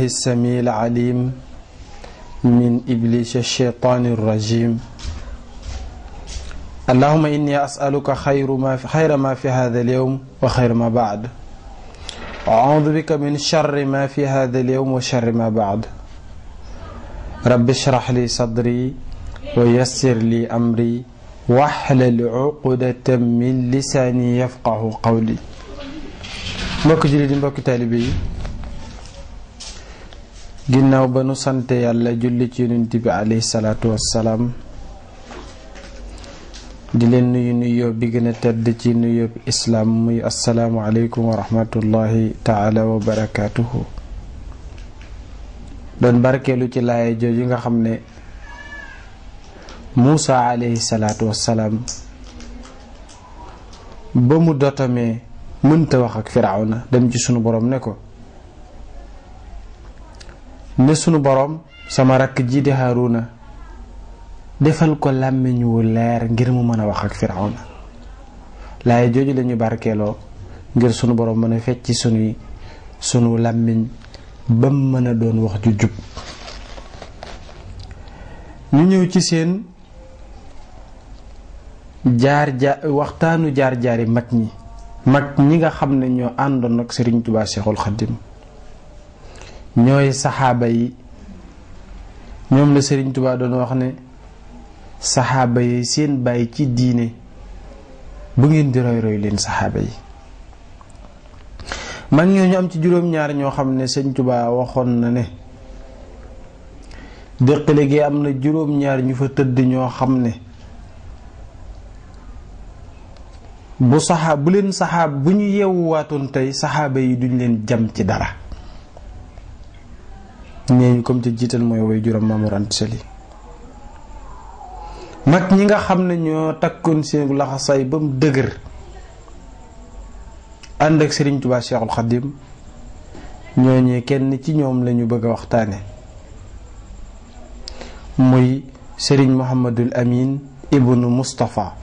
السميع العليم من إبليس الشيطان الرجيم اللهم إني أسألك خير ما في خير ما في هذا اليوم وخير ما بعد أعوذ بك من شر ما في هذا اليوم وشر ما بعد رب اشرح لي صدري ويسر لي أمري واحلل عقدة من لساني يفقه قولي مكجلي julli di mbokk ginnaaw ba nu sante yàlla julli ci yonent bi alayhi salaatu di leen nuyu nuyoo bi gën a tedd ci nuyoo islaam muy assalaamu aleykum wa rahmatullahi taala wa barakaatuhu doon barkeelu ci laaya jooju nga xam ne Muusa alayhi salaatu wassalaam ba mu dotamee mënta wax ak firawna dem ci sunu boroom ne ko ne sunu boroom sama rakk ji di na defal ko làmmiñ wu leer ngir mu mën a wax ak Firawna laay jooju lañu barkeeloo ngir sunu boroom mën a fecc sunuy sunu làmmiñ ba mën a doon wax ju jub ñu ñëw ci seen jaar jaar waxtaanu jaar jaari mag ñi mag ñi nga xam ne ñoo àndoon nag Sëriñ Tuubaa Seexul Xaddim ñooy saxaaba yi ñoom la Sëriñ Tuubaa doon wax ne saxaaba yi seen bàyyi ci diine bu ngeen di roy roy leen saxaaba yi mag ñooñu am ci juróom-ñaar ñoo xam ne Sëriñ tubaa waxoon na ne dëkkale gi am na juróom-ñaar ñu fa tëdd ñoo xam ne bu saxaab bu leen saxaab bu ñu yewwaatoon tey saxaaba yi duñ leen jam ci dara neeñ comme te jiital mooy way juram Mamour Anta Sali mag ñi nga xam ne ñoo takkoon seen laxasaay ba mu dëgër ànd ak Serigne Touba Cheikhul Khadim ñooñee kenn ci ñoom lañu bëgg a waxtaane muy Serigne Mouhamadul Amin ibnu Moustapha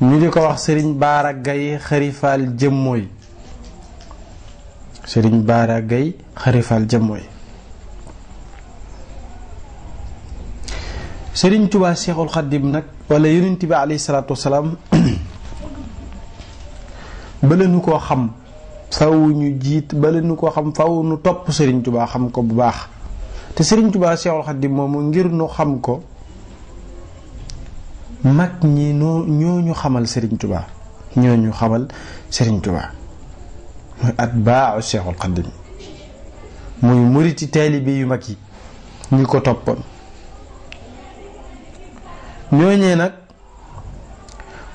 ñu di ko wax Serigne Baara Gaye xarifaal jëmmooy serigne bara gay xarifal jamoy serigne touba cheikhul khadim nak wala yonent bi alayhi salaatu wassalam bala ko xam faw ñu jitt bala ko xam faw ñu top serigne touba xam ko bu baax te serigne touba cheikhul khadim mom ngir ñu xam ko mak ñi ñoo ñu xamal serigne touba ñoo ñu xamal serigne touba mooy atbaaw Cheikhul Xadim muy muriti taalibe yu mag yi ñu ko toppoon ñooñee nag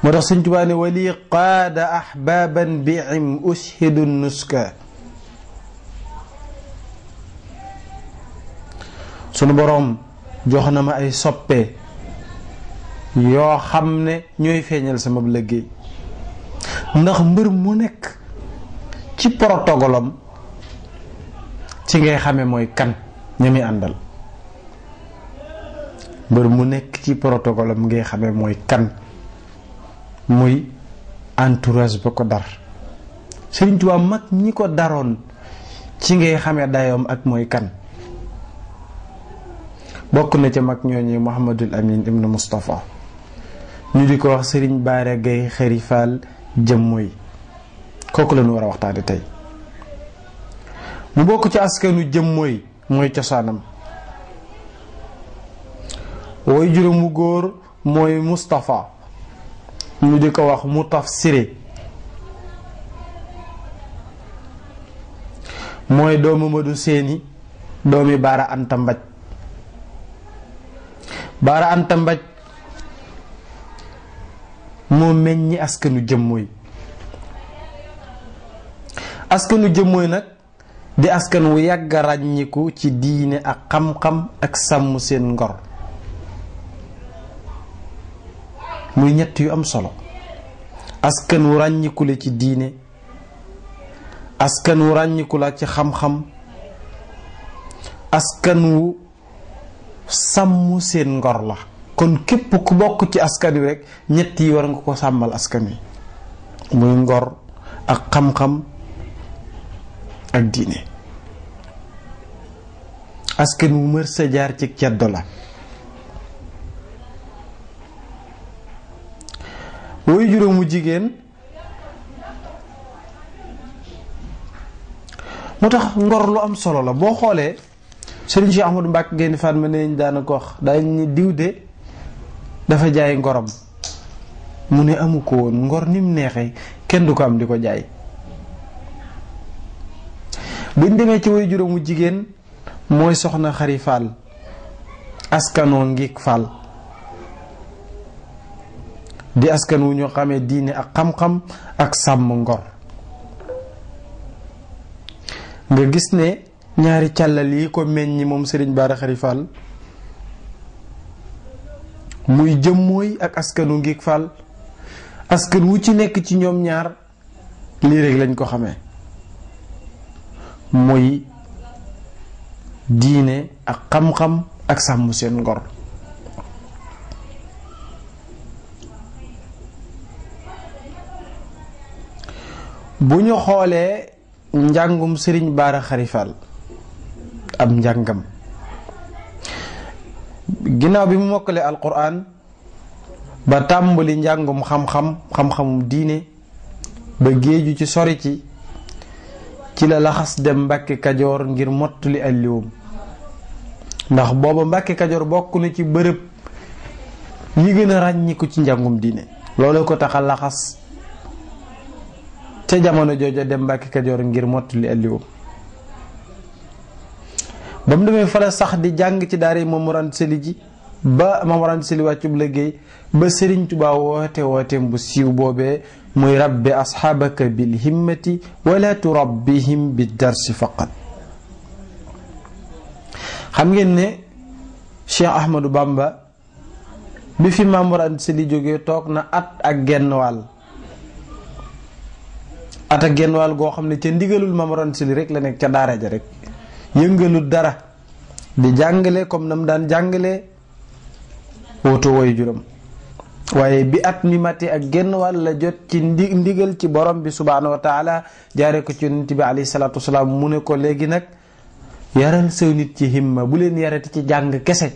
moo tax sëñ Tuubaa ne wali qaada ahbaaban biim ushidu nuska sunu boroom jox na ma ay soppe yoo xam ne ñooy feeñal sama liggéey ndax mbër mu nekk ci protocolam ci ngay xamé moy kan ñami andal mbeur mu nek ci protocolam ngay xamé moy kan muy entourage ba ko dar serigne touba mak ñi ko daron ci ngay xamé dayom ak moy kan bokku na ci mag ñoñi muhammadul amin ibnu mustafa ñu di ko wax serigne bare gay kharifal jëm moy kooku la war a waxtaane tey mu bokk ci askanu jëm mooy mooy cosaanam way juróom góor mooy Moustapha ñu di ko wax mu taf siré mooy doomu Madu Seeni doomi Baara Anta Mbaj Baara Anta Mbaj moo meññi askanu jëm mooy askanu jëmmooy nag di askan wu yàgg a ràññiku ci diine ak xam-xam ak sàmm seen ngor muy ñett yu am solo askan wu ci diine askan wu ràññiku la ci xam-xam askan wu sàmm seen ngor la kon képp ku bokk ci askan wi rekk ñett yi war nga ko sàmmal askan wi muy ngor ak xam-xam ak diine askan wu mër sa jaar ci ceddo la woy juróomu jigéen moo tax ngor lu am solo la boo xoolee Serigne Cheikh Ahmadou Mbacke Gaïndé Fatma neñ daana ko wax dañu diw de dafa jaay ngorom mu ne amu ko ngor ni mu neexee kenn du ko am di ko jaay buñ demee ci way juróomu jigéen mooy soxna xari Fall askanoo ngiig di askan wu ñu xamee diine ak xam-xam ak sàmm ngor nga gis ne ñaari càllal yi ko meññi moom Serigne Bara Khary Fall muy jëmmooy ak askanu ngiig Fall askan wu ci nekk ci ñoom ñaar lii rek lañ ko xamee muy diine ak xam-xam ak sàmm seen ngor bu ñu xoolee njàngum sëriñ Baara Xarifal ab njàngam ginnaaw bi mu mokkale alquran ba tàmbali njàngum xam-xam xam-xamum diine ba géeju ci sori ci ci la laxas dem Mbàkke Kajoor ngir mottali alliwam ndax booba Mbàkke Kajoor bokk na ci bërëb yi gën a ràññiku ci njàngum diine loolu ko tax a laxas ca jamono jooja dem Mbàkke Kajoor ngir mottali alliwam ba mu demee fala sax di jàng ci daara yi Mamour Anta Sali ji ba Mamour Anta Sali wàccub liggéey ba Sëriñ Tuubaa woote wooteem bu siiw boobee muy rab rabbi asxaabaka bilhimmati wala turabbihim bi darsi faqat xam ngeen ne Cheikh Ahmadou Bamba bi fi Maam Mor Anta Sali toog na at ak genn wàll at ak genn wàll goo xam ne ca ndigalul Maam Mor rek la nekk ca daara ja rek yëngalul dara di jàngale comme nam daan jàngale woto woy juróom waaye bi at mi mate ak genn wàll la jot ci ndi ndigal ci borom bi subhaanahu wa taala jaare ko ci yonent bi alayhi salaatu wasalaam mu ne ko léegi nag yaral saw nit ci himma bu leen yarati ci jàng kese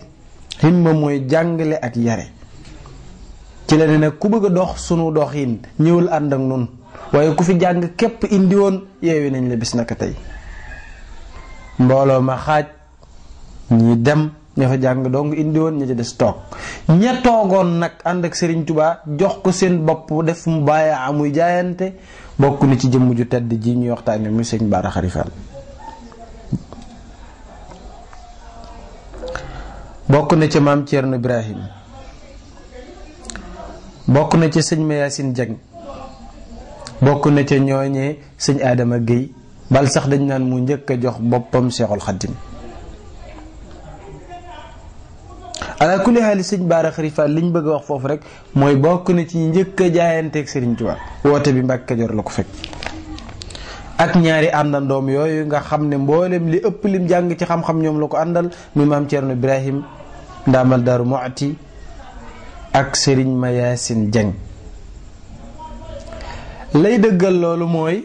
himma mooy jàngale ak yare ci la ne nag ku bëgg a dox sunu doxin ñëwal ànd ak nun waaye ku fi jàng képp indi woon yeewi nañ la bis naka tey mbooloo ma xaaj ñi dem ña fa jàng dong indi woon des toog ña toogoon nag ànd ak sëriñ Touba jox ko seen bopp def mu bàyyi amuy jaayante bokk na ci jëmm ju tedd ji ñuy waxtaanee muy sëñ Bara bokk na ca maam Thierno Ibrahim bokk na ca sëñ Mayasin Dieng bokk na ca ñooñee sëñ aadama Guèye bal sax dañ naan mu njëkk a jox boppam Seexul Xaddim ala kulli xaali sëñ Baara Xarifaal li ñu bëgg a wax foofu rek mooy bokk na ci njëkk a jaayanteeg sëriñ Touba woote bi Mbàkke Kajoor la ko fekk. ak ñaari àndandoom yooyu nga xam ne mboolem li ëpp lim jàng ci xam-xam ñoom la ko àndal muy maam Thierno Ibrahim Ndaamal Daaru Muxti ak sëriñ ma Mayacine Dieng. lay dëggal loolu mooy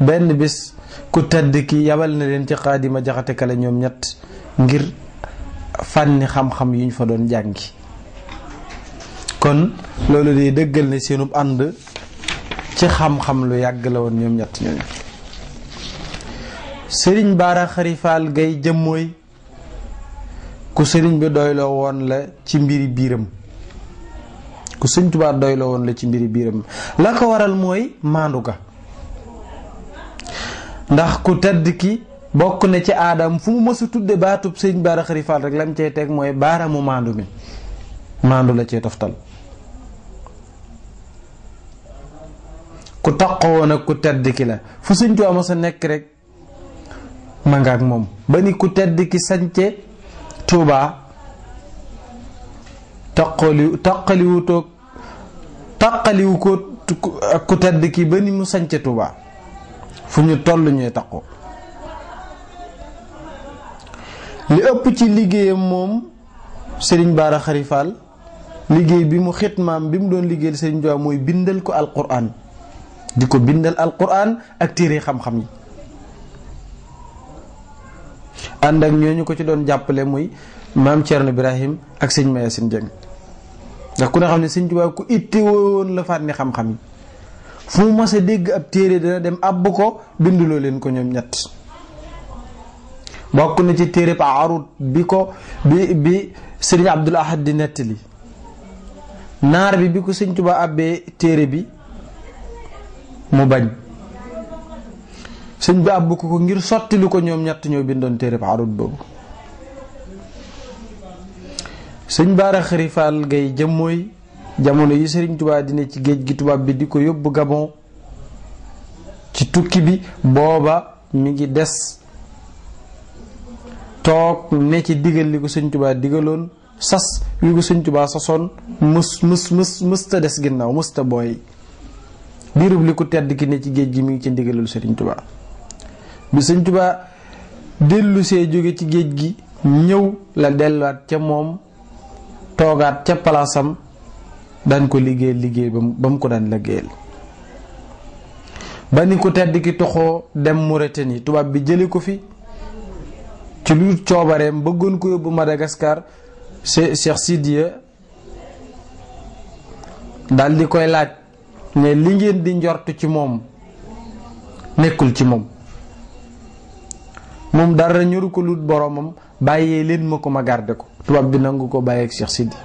benn bis ku tedd ki yabal na leen ci xaadima jaxate kale ñoom ñett ngir. fànni xam-xam yu ñu fa doon jàngi kon loolu day dëggal ne seenub ànd ci xam-xam lu yàgg la woon ñoom ñett ñooñu sëriñ baara xarifaal gay jëmmooy ku sëriñ bi doyloo woon la ci mbiri biiram ku sëriñ Tuubaa doyloo woon la ci mbiri biiram la ko waral mooy maandu ga ndax ku tedd ki bokk na ci aadam fu mu mësu tudde baatub sëñ Bara Xari Fall rek lam cey teg mooy baara mu maandu mi maandu la cee toftal ku taqoon ak ku tedd ki la fu sëñ Tuubaa ma sa nekk rek ma nga ak moom ba ni ku tedd ki sañce Tuubaa taqali taqaliwu toog taqaliwu ko ak ku tedd ki ba ni mu sañce Tuubaa fu ñu toll ñooy taqoo li ëpp ci liggéeyam moom sëriñ baara xarifaal liggéey bi mu xitmaam bi mu doon liggéeyal sëriñ mooy bindal ko alquran di ko bindal alquran ak téere xam-xam yi ànd ak ñooñu ko ci doon jàppale muy maam Thierno Ibrahim ak sëñ sin jëng ndax ku ne xam ne sëñ Touba ku itte woon la fànni xam-xam yi fu mu mas a dégg ab téere dana dem àbb ko binduloo leen ko ñoom ñett bokk na ci téereb arut bi ko bi bi sëriñ Abdul Ahad di nettali naar bi bi ko sëñ Tuba abbee téere bi mu bañ sëñ bi abbu ko ko ngir sotti ko ñoom ñett ñoo bindoon téereb arut boobu sëñ Baara Xarifaal gay jëm jamono yi sëriñ Tuba dina ci géej gi tubaab bi di ko yóbbu Gabon ci tukki bi booba mi ngi des toog ne ci digal li ko sëñ tubaa digaloon sas wi ko sëñ tubaa sasoon mës mës mës mësta des ginnaaw mësta booy diirub li ko tedd ki ne ci géej gi mi ngi ci ndigalul sëriñ tubaa bi sëñ tubaa dellusee jóge ci géej gi ñëw la delluwaat ca moom toogaat ca palaasam daan ko liggéey liggéey ba mu ko daan liggéeyal ba ni ku tedd ki toxoo dem Mauritanie tubaab bi jële ko fi ci lu coobareem bëggoon ko yóbbu Madagascar Cheikh Sidiya dal daldi koy laaj ne li ngeen di njort ci moom nekkul ci moom moom dara ñoru ko lut boromam bàyyee leen ma ko ma garde ko tubaab bi nangu ko bàyyeeg Cheikh Sidi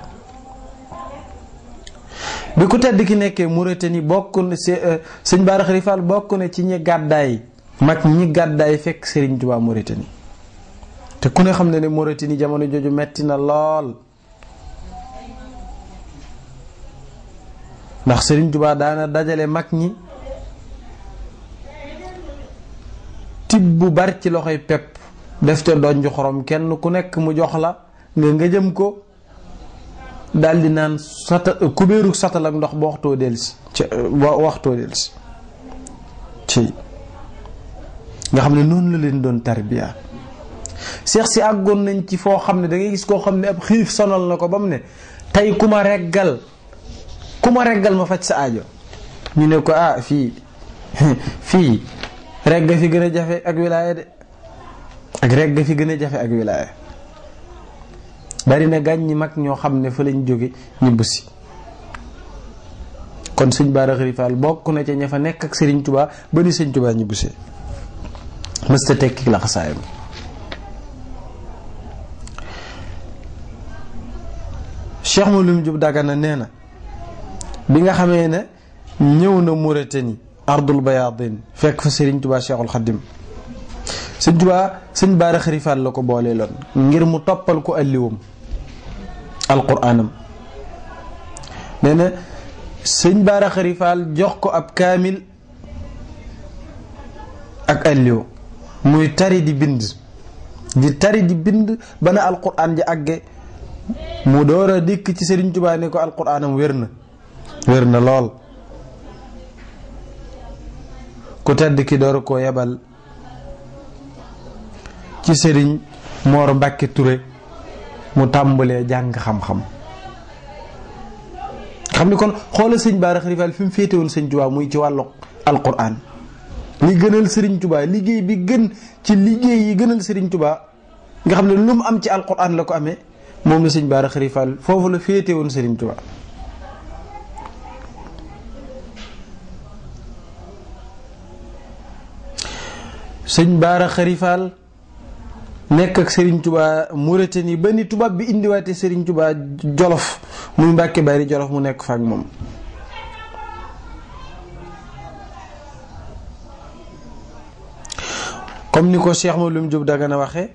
bi ku tedd ki nekkee Mauritanie bokk na euh, sëñ Bara Khary Fall bokk ne ci ñi gàddaay mag ñi gàddaay fekk Serigne Touba Mauritanie te ku ne xam ne ne Mauritanie jamono jooju metti na lool ndax Sëriñ Tuubaa daana dajale mag ñi tibb bu bari ci loxoy pepp def te doon ju xorom kenn ku nekk mu jox la nga nga jëm ko daldi naan sata kubéeru satal ak ndox ba waxtoo delsi ci waxtoo delsi ci nga xam ne noonu la leen doon tarbiya seex si àggoon nañ ci foo xam ne dangay gis koo xam ne ab xiif sonal na ko ba mu ne tey ku ma reggal ku ma reggal ma faj sa ajo ñu ne ko ah fii fii regga fi gën a jafe ak wilaaya de ak regga fi gën a jafe ak wilaaya bari na gàñ ñi mag ñoo xam ne fa lañ jóge ñibbusi kon suñ Bara Xari bokk na ca ña fa nekk ak Serigne tubaa ba ni sëñ Touba ñibbusee mësta tekki laxasaayam Cheikh Mouloum Diop Dagana nee na bi nga xamee ne ñëw na Mauritanie ardul bayaadin fekk fa Serigne Touba Cheikhul Khadim sëñ Touba sëñ Baara Xarifaan la ko boolee loon ngir mu toppal ko alliwam alquraanam nee na sëñ Baara Xarifaal jox ko ab kaamil ak alliw muy tari di bind di tari di bind bana alquraan ji àgge mu door a dikk ci Sëriñ Tuubaa ne ko alquraanam wér na wér na lool ku tedd ki door koo yebal ci Sëriñ Moor Mbàkke Ture mu tàmbalee jàng xam-xam xam ni kon xoola sëñ Bara Xirifal fi mu féete woon sëñ Tuubaa muy ci wàllu alquraan li gënal Sëriñ Tuubaa liggéey bi gën ci liggéey yi gënal Sëriñ Tuubaa nga xam ne lu mu am ci alquraan la ko amee moom la sëñ Baara Xarifal foofu la féete woon Sëriñ Tuubaa sëñ Baara Xarifal nekk ak Sëriñ Tuubaa Mauritanie ba ni tubaab bi indiwaate Sëriñ Tuubaa Jolof muy Mbàkke Bari Jolof mu nekk fa moom comme ni ko Cheikh Mawlum Diop Dagana waxe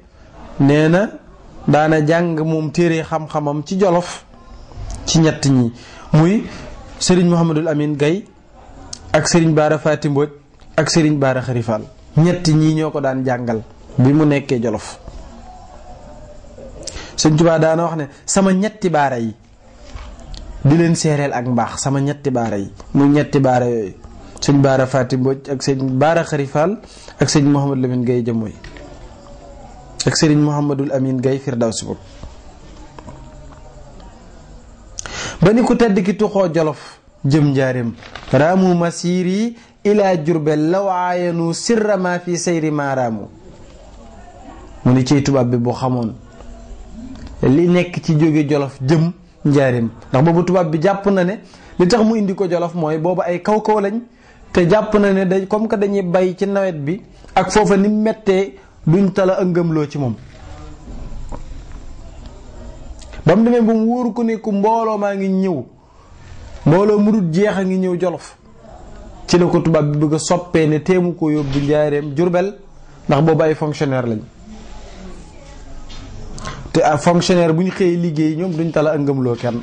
nee na daana jàng moom téere xam-xamam ci jolof ci ñett ñi muy sëriñ Mouhamadul Amine Gaye ak sëriñ Baara Faati Mbodj ak sëriñ Baara Xarifal ñett ñi ñoo ko daan jàngal bi mu nekkee jolof sëñ Tuubaa daana wax ne sama ñetti baara yi di leen seereel ak mbaax sama ñetti baara yi muy ñetti baara yooyu sëñ Baara Faati Mbodj ak sëñ Baara Xarifal ak sëñ Mouhamadul Amine Gaye jëmmooy ak Serigne Mouhamadul Amine gay Firdawsi boobu ba ni ku tedd ki tuxoo jolof jëm njaareem raamu masiri ilaa jurbel law aayanu fi sayri ma mu ni ciy tubaab bi boo xamoon li nekk ci jóge jolof jëm njaareem ndax boobu tubaab bi jàpp na ne li tax mu indi ko jolof mooy boobu ay kaw kaw lañ te jàpp na ne dañ comme que dañuy bay ci nawet bi ak foofa ni mettee duñ tala ak ngëmloo ci moom ba mu demee ba mu wóoru ko ne ku mbooloo maa ngi ñëw mbooloo mu dul jeex a ngi ñëw jolof ci la ko tubaab bi bëgg soppee ne teemu ko yóbbu njaareem jurbel ndax boobu ay fonctionnaire lañ te ay fonctionnaire bu ñu xëyee liggéey ñoom duñ tala ak ngëmloo kenn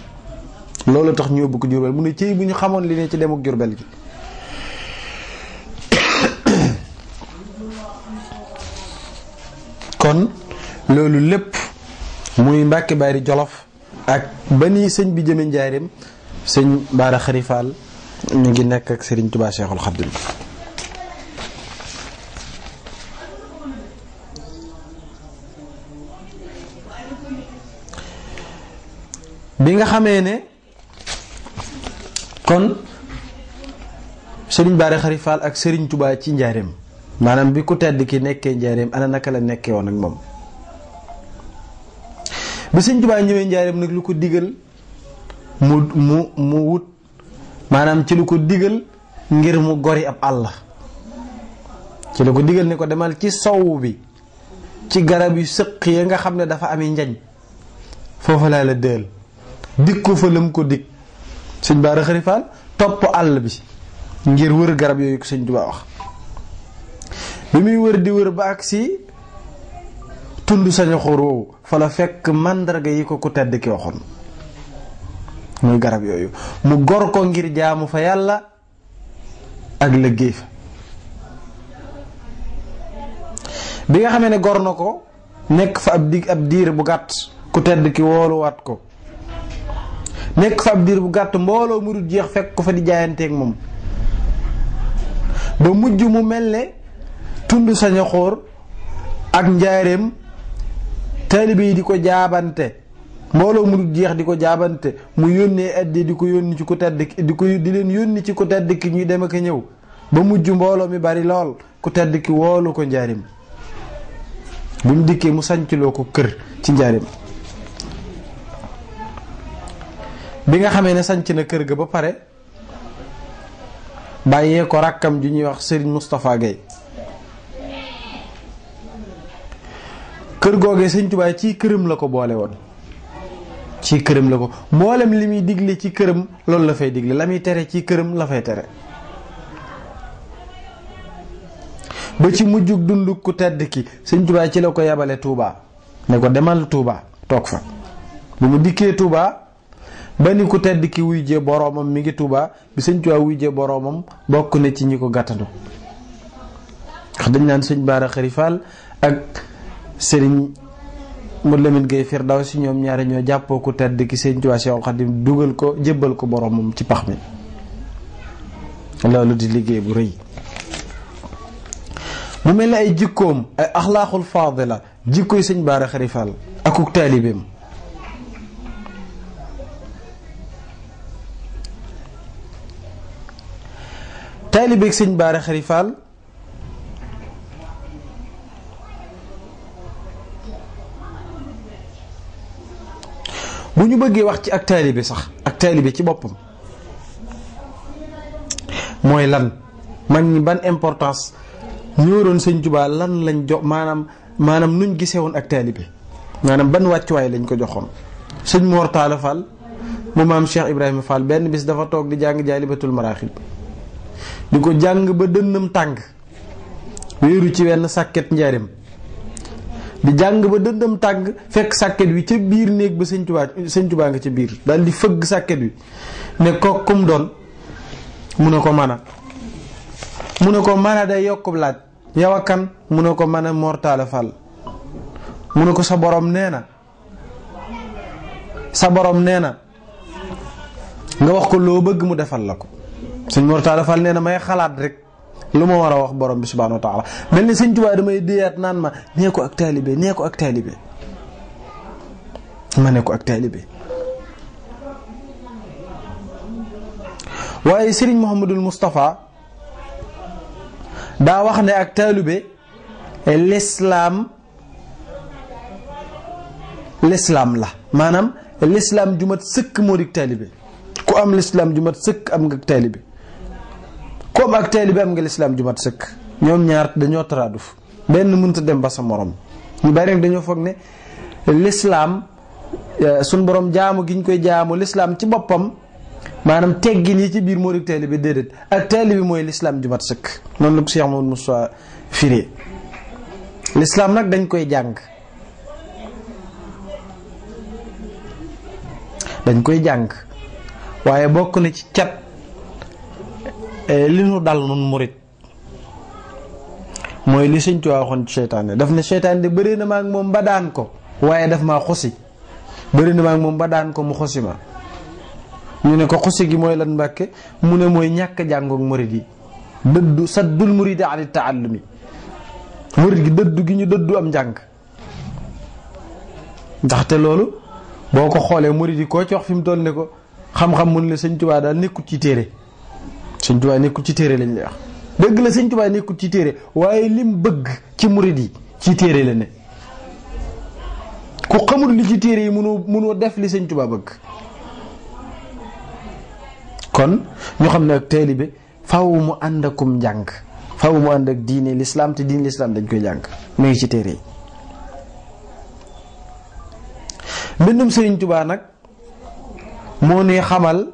loolu tax ñu yóbbu ko jurbel mu ne cëy bu ñu xamoon li ne ci dem ak jurbel gi kon loolu lépp muy Mbàkke Bari Jolof ak ba nii sëñ bi jëme njaareem sëñ Baara Xarifaal mu ngi nekk ak sëriñ Touba Cheikhul Khadim bi nga xamee ne kon Serigne Baara Xarifaal ak Serigne Touba ci njaareem maanaam bi ku tedd ki nekkee njaareem ana naka la nekkee woon ak moom bi sëñ Tuubaa ñëwee njaareem nag lu ko digal mu mu mu wut maanaam ci lu ko digal ngir mu gori ab àll ci lu ko digal ni ko demal ci soow bi ci garab yu sëq ya nga xam ne dafa ami njañ foofu laa la dël dikku fa lam ko dig sëñ Bara Xari topp àll bi ngir wër garab yooyu ko sëñ Tuubaa wax bi muy wër di wër ba agsi tund sañu xur woowu fa la fekk màndarga yi ko ku tedd ki waxoon muy garab yooyu mu gor ko ngir jaamu fa yàlla ak liggéey fa bi nga xamee ne gor na ko nekk fa ab dig ab diir bu gàtt ku tedd ki wooluwaat ko nekk fa ab diir bu gàtt mbooloo mu dul jeex fekk ko fa di jaayanteeg moom ba mujj mu mel ne tund sañaxoor ak njaareem taalibe yi di ko jaabante mbooloo mu dul jeex di ko jaabante mu yónnee addi di ko yónni ci ku tedd ki di ko di leen yónni ci ku tedd ki ñuy dem ak ñëw ba mujj mbooloo mi bari lool ku tedd ki woolu ko njaarim bu mu dikkee mu sancloo ko kër ci njaarim bi nga xamee ne sanc na kër ga ba pare bàyyee ko rakkam ju ñuy wax Serigne Moustapha Gueye kër googee sëñ Tuubaa ci këram la ko boole woon ci këram la ko mboolem li muy digle ci këram loolu la fay digle la muy tere ci këram la fay tere ba ci mujjug dund ku tedd ki sëñ Tuubaa ci la ko yebale Touba ne ko demal tuuba toog fa bu mu dikkee Touba ba ni ku tedd ki wuy jee boroomam mi ngi Touba bi sëñ Tuubaa wuy boroomam bokk na ci ñi ko gàttandu wax dañ naan sëñ Baara Xari Faal ak sëriñ mu Lamine Gueye si ñoom ñaari ñoo jàppoo ku tedd ki sëriñ Tuubaa Seexul Xadiim dugal ko jébbal ko boromam ci pax mi loolu di liggéey bu rëy mu mel ne ay jikkoom ay axlaaqul faadila jikkoy sëñ Baara Xari Fall akuk taalibeem taalibeeg sëñ Baara Xari buñu bëggé wax ci ak talibé sax ak talibé ci moy lan man ni ban importance nyurun señ Tuubaa lan lañ jox manam manam nuñu gisé won ak talibé manam ban way lañ ko joxon señ Mor Talla Fall mu fal Cheikh ibrahim Fall ben bis dafa tok di jang jalibatul marahib diko jang ba deñum tang wëru ci wenn di jàng ba dëndam tàgg fekk sàkket wi ca biir néeg ba sëñ Tuubaa sëñ Tuubaa nga ca biir daal di fëgg sàkket wi ne ko kum doon mu ne ko mën a mu ne ko mën a day yokkub laaj yow ak kan mu ne ko mën a mortaale fàll mu ne ko sa borom nee na sa borom nee na nga wax ko loo bëgg mu defal la ko sëñ mortaale fàll nee na may xalaat rek lu ma war a wax borom bi subhaanahu wa taala mel ni sëñ Tuubaa damay déyaat naan ma nee ko ak taalibe nee ko ak taalibe ma ne ko ak taalibe waaye Serigne Mouhamadul Moustapha daa wax ne ak taalibe lislaam lislaam la maanaam lislaam ju sëkk moo di taalibe ku am lislaam ju sëkk am nga taalibe comme ak taalibe am nga lislaam ju mat sëkk ñoom ñaar dañoo taraaduf benn mënta dem ba sa morom ñu bari nag dañoo foog ne lislaam eh, suñ borom jaamu gi ñu koy jaamu lislaam ci boppam maanaam teggin yi ci biir moo di taalibe déedéet ak taalibe mooy lislaam ju mat sëkk noonu la ko Cheikh Mamadou Moussa fiire lislaam nag dañ koy jàng dañ koy jàng waaye bokk na ci cat Eh, li nu dal nun murit mooy li sëñ Tuubaa waxoon ci seytaane daf ne seytaane de bëri na ma ak moom ba daan ko waaye daf maa xosi bëri na ma ak moom ba daan ko mu xosi ma ñu ne ko xosi gi mooy lan mbàkke mu ne mooy ñàkk jàngoog murit yi dëddu saddul muridi ani taallumi murit gi dëddu gi ñu dëddu am njàng ndaxte loolu boo ko xoolee murit yi koo ci wax fi mu toll ne ko xam-xam mun la sëñ Tuubaa daal nekkut ci téere sëñ Tuubaa nekkul ci téere lañ lay wax dëgg la sëñ Tuubaa nekkul ci téere waaye lim bëgg ci murid yi ci téere la ne ku xamul li ci téere yi mënoo mënoo def li sëñ Tuubaa bëgg kon ñoo xam ne ak taalibe faaw mu ànd akum njàng faaw mu ànd ak diine lislaam te diine lislaam dañ koy jàng mu ci téere yi mbindum sëriñ Tuubaa nag moo ne xamal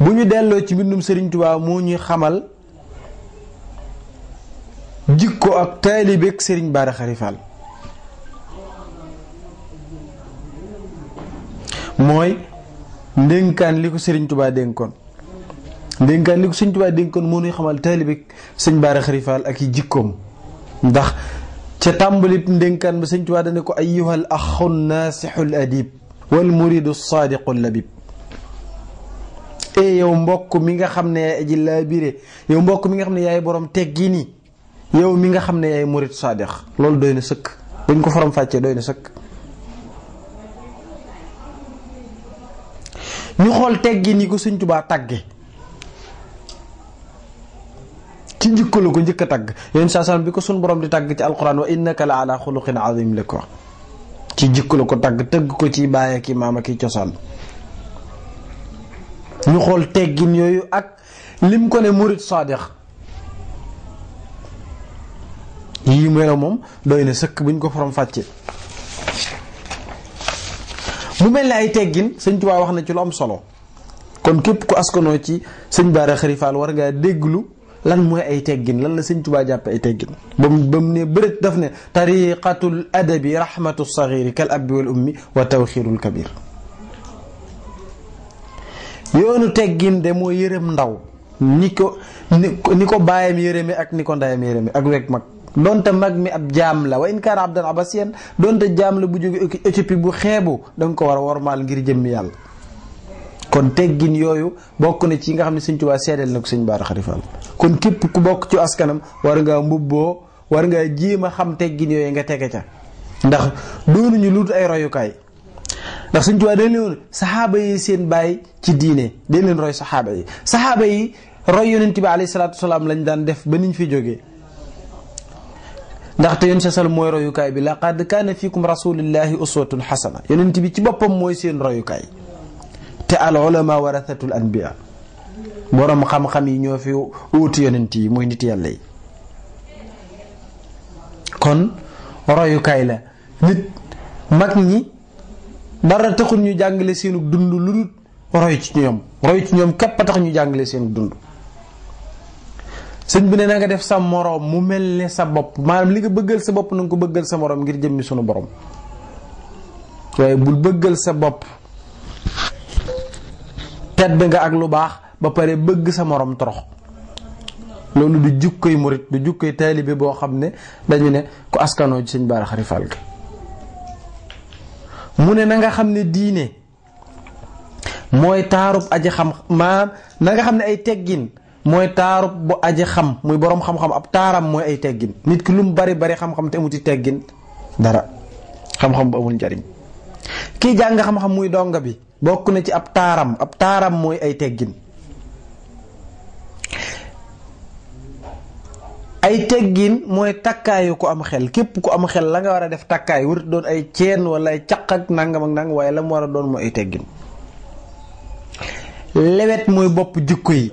bu ñu delloo ci mbindum Sëriñ Tuubaa moo ñuy xamal jikko ak taalibeek Sëriñ Bara Xari mooy ndénkaan li ko Sëriñ Tuubaa dénkoon ndénkaan li ko Sëriñ moo ñuy xamal taalibeek Sëriñ Bara Xari ak i jikkoom ndax ca tàmbalit ndénkaan ba Sëriñ Tuubaa dana ko ayyuhal axu naasixul adib wal muridu saadiqul labib e yow mbokk mi nga xamne ne ji laabire yow mbokk mi nga xamne yaay borom teggi ni yow mi nga xamne yaay mourid sadiq lol doyna seuk buñ ko faram faccé doyna seuk ñu xol teggi ni ko señ tubaa taggé ci jikko lu ko njëkk a yeen yéen bi borom di tàgg ci alquran wa innaka la ala xuluqin azim la ci jikko lu ko tegg ko ci baye ki mama ki ciosan ñu xool teggin yooyu ak lim ko ne murid saadiq yii melo moom doy na sëkk buñ ko forom fàcce mu mel ne ay teggin sëñ Tuubaa wax na ci lu am solo kon képp ku askanoo ci sëñ Baara Xarifaal war ngaa dégglu lan mooy ay teggin lan la sëñ Tuubaa jàppe ay teggin ba mu ba mu ne bërët daf ne tariqatul adabi rahmatu sagiri kal abi wal ummi wa tawxirul kabir yoonu teggin de moo yërëm ndaw ni ko ni ko baayam yërëme ak ni ko ndayam yërëme ak weg mag donte mag mi ab jaam la wa in kaana abdan abasiyan donte jaam la bu jóge Éthiopie bu xeebu da ko war a wormaal ngir jëmmi yàlla kon teggin yooyu bokk na ci nga xam ne Sëñ Tuubaa seedeel na ko Sëñ Bara Xari Fall kon képp ku bokk ci askanam war ngaa mbubboo war ngaa jéem a xam teggin yooyu nga tege ca ndax doonuñu luut ay royukaay ndax suñ tubaab dañ leen saxaaba yi seen bàyyi ci diine dañ leen roy saxaaba yi saxaaba yi roy yonent bi alayhi salaatu wasalaam lañ daan def ba niñ fi jógee ndaxte yoon sa sal mooy royukaay bi laqad kaana fiikum rasulillahi uswatun xasana yonent bi ci boppam mooy seen royukaay te al ulama warathatul anbiya borom xam-xam yi ñoo fi uutu yonent yi muy nit yàlla yi kon royukaay la nit mag ñi dara taxul ñu jàngale seenu dund lu dul roy ci ñoom roy ci ñoom képp a tax ñu jàngale seenu dund sëñ bi ne na def sa moroom mu mel ne sa bopp maanaam li nga bëggal sa bopp na ko bëggal sa moroom ngir jëmmi sunu borom waaye bul bëggal sa bopp tedd nga ak lu baax ba pare bëgg sa moroom torox loolu du jukkoy murit du jukkoy taalibe boo xam ne dañu ne ku askanoo ci sëñ Bara Xari Fall mu ne nanga xam ne diine mooy taarub aji xam maanaam na nga xam ne ay teggin mooy taarub bu aji xam muy boroom xam-xam ab taaram mooy ay teggin nit ki lu mu bari bari xam-xam te amu ci teggin dara xam-xam bu amul njariñ kii jàng xam-xam muy dongo bi bokk na ci ab taaram ab taaram mooy ay teggin ay teggin mooy takkaayu ko am xel képp ku am xel la nga war a def takkaay wër doon ay ceen wala ay caq ak nangam ak nang waaye la mu war a doon mooy ay teggin lewet mooy bopp jikko yi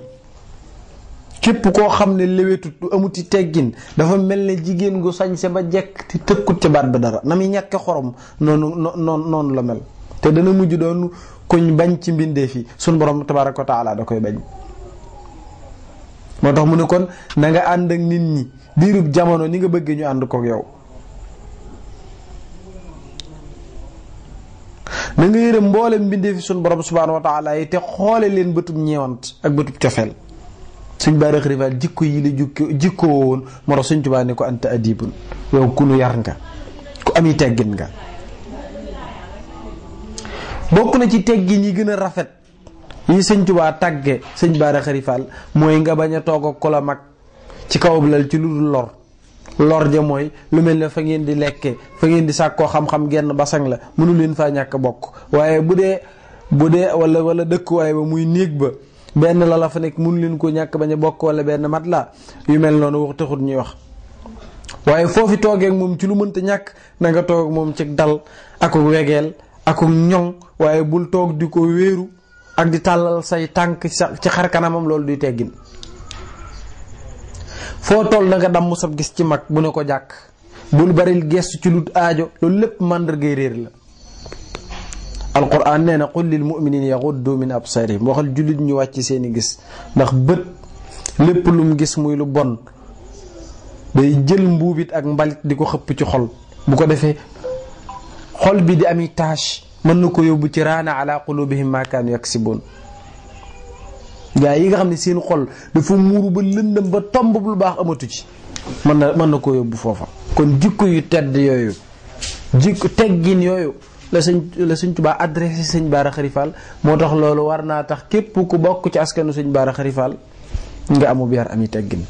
képp koo xam ne lewetut du amuti teggin dafa mel ne jigéen gu sañse ba jekk te tëkkut ci baat ba dara na muy ñàkke xorom noonu noonu noonu la mel te dana mujj doon koñ bañ ci mbindeef yi sunu borom tabaaraka wa taala da koy bañ moo tax mu ne kon nanga nga ànd ak nit ñi diirub jamono ni nga bëggee ñu ànd kook yow na nga yërëm mboolem mbindee fi suñu borom subhaanahu wa taala xoole leen bëtub ñeewant ak bëtub cofeel suñ baaraax rival jikko yi la woon moo tax suñ tubaa ne ko anta adibun yow ku nu yar nga ku ami teggin nga bokk na ci teggin yi gën a rafet yi sëñ tubaa tagge sëñ baara xarifaal mooy nga bañ a toog ak kola mag ci kaw lal ci lu lor lor ja mooy lu mel ne fa ngeen di lekke fa ngeen di sàkkoo xam-xam genn basang la mënu leen faa ñàkk bokk waaye bu dee bu dee wala wala dëkkuwaay ba muy néeg ba benn la la fa nekk mënu leen ko ñàkk bañ a bokk wala benn mat la yu mel noonu wax taxut ñuy wax waaye foofi toogee ak moom ci lu mënta ñàkk na nga toog moom ci dal ak wegeel ak ñong waaye bul toog di ko ak di tàllal say tànk ci xar kanamam loolu duy teggin foo toll da nga damm sab gis ci mag bu ne ko jàkk bul baril gestu ci lu aajo loolu lépp màndargay réer la alquran nee na qul lil muminina yaxuddu min absarihim waxal jullit ñu wàcc seeni gis ndax bët lépp lum gis muy lu bon day jël mbuubit ak mbalit di ko xëpp ci xol bu ko defee xol bi di ami tâche man na ko ci raana ala qulubihim ma kaanu yaksibun ya yi nga xam ne seen xol dafa muuru ba lëndëm ba tomb lu baax amatu ci man na mën na ko yóbbu foofa kon jikko yu tedd yooyu jikko teggin yooyu la sëñ la sëñ tuba adressé sëñ baara xarifal moo tax loolu war naa tax képp ku bokk ci askanu sëñ baara xarifal nga amu biar ami teggin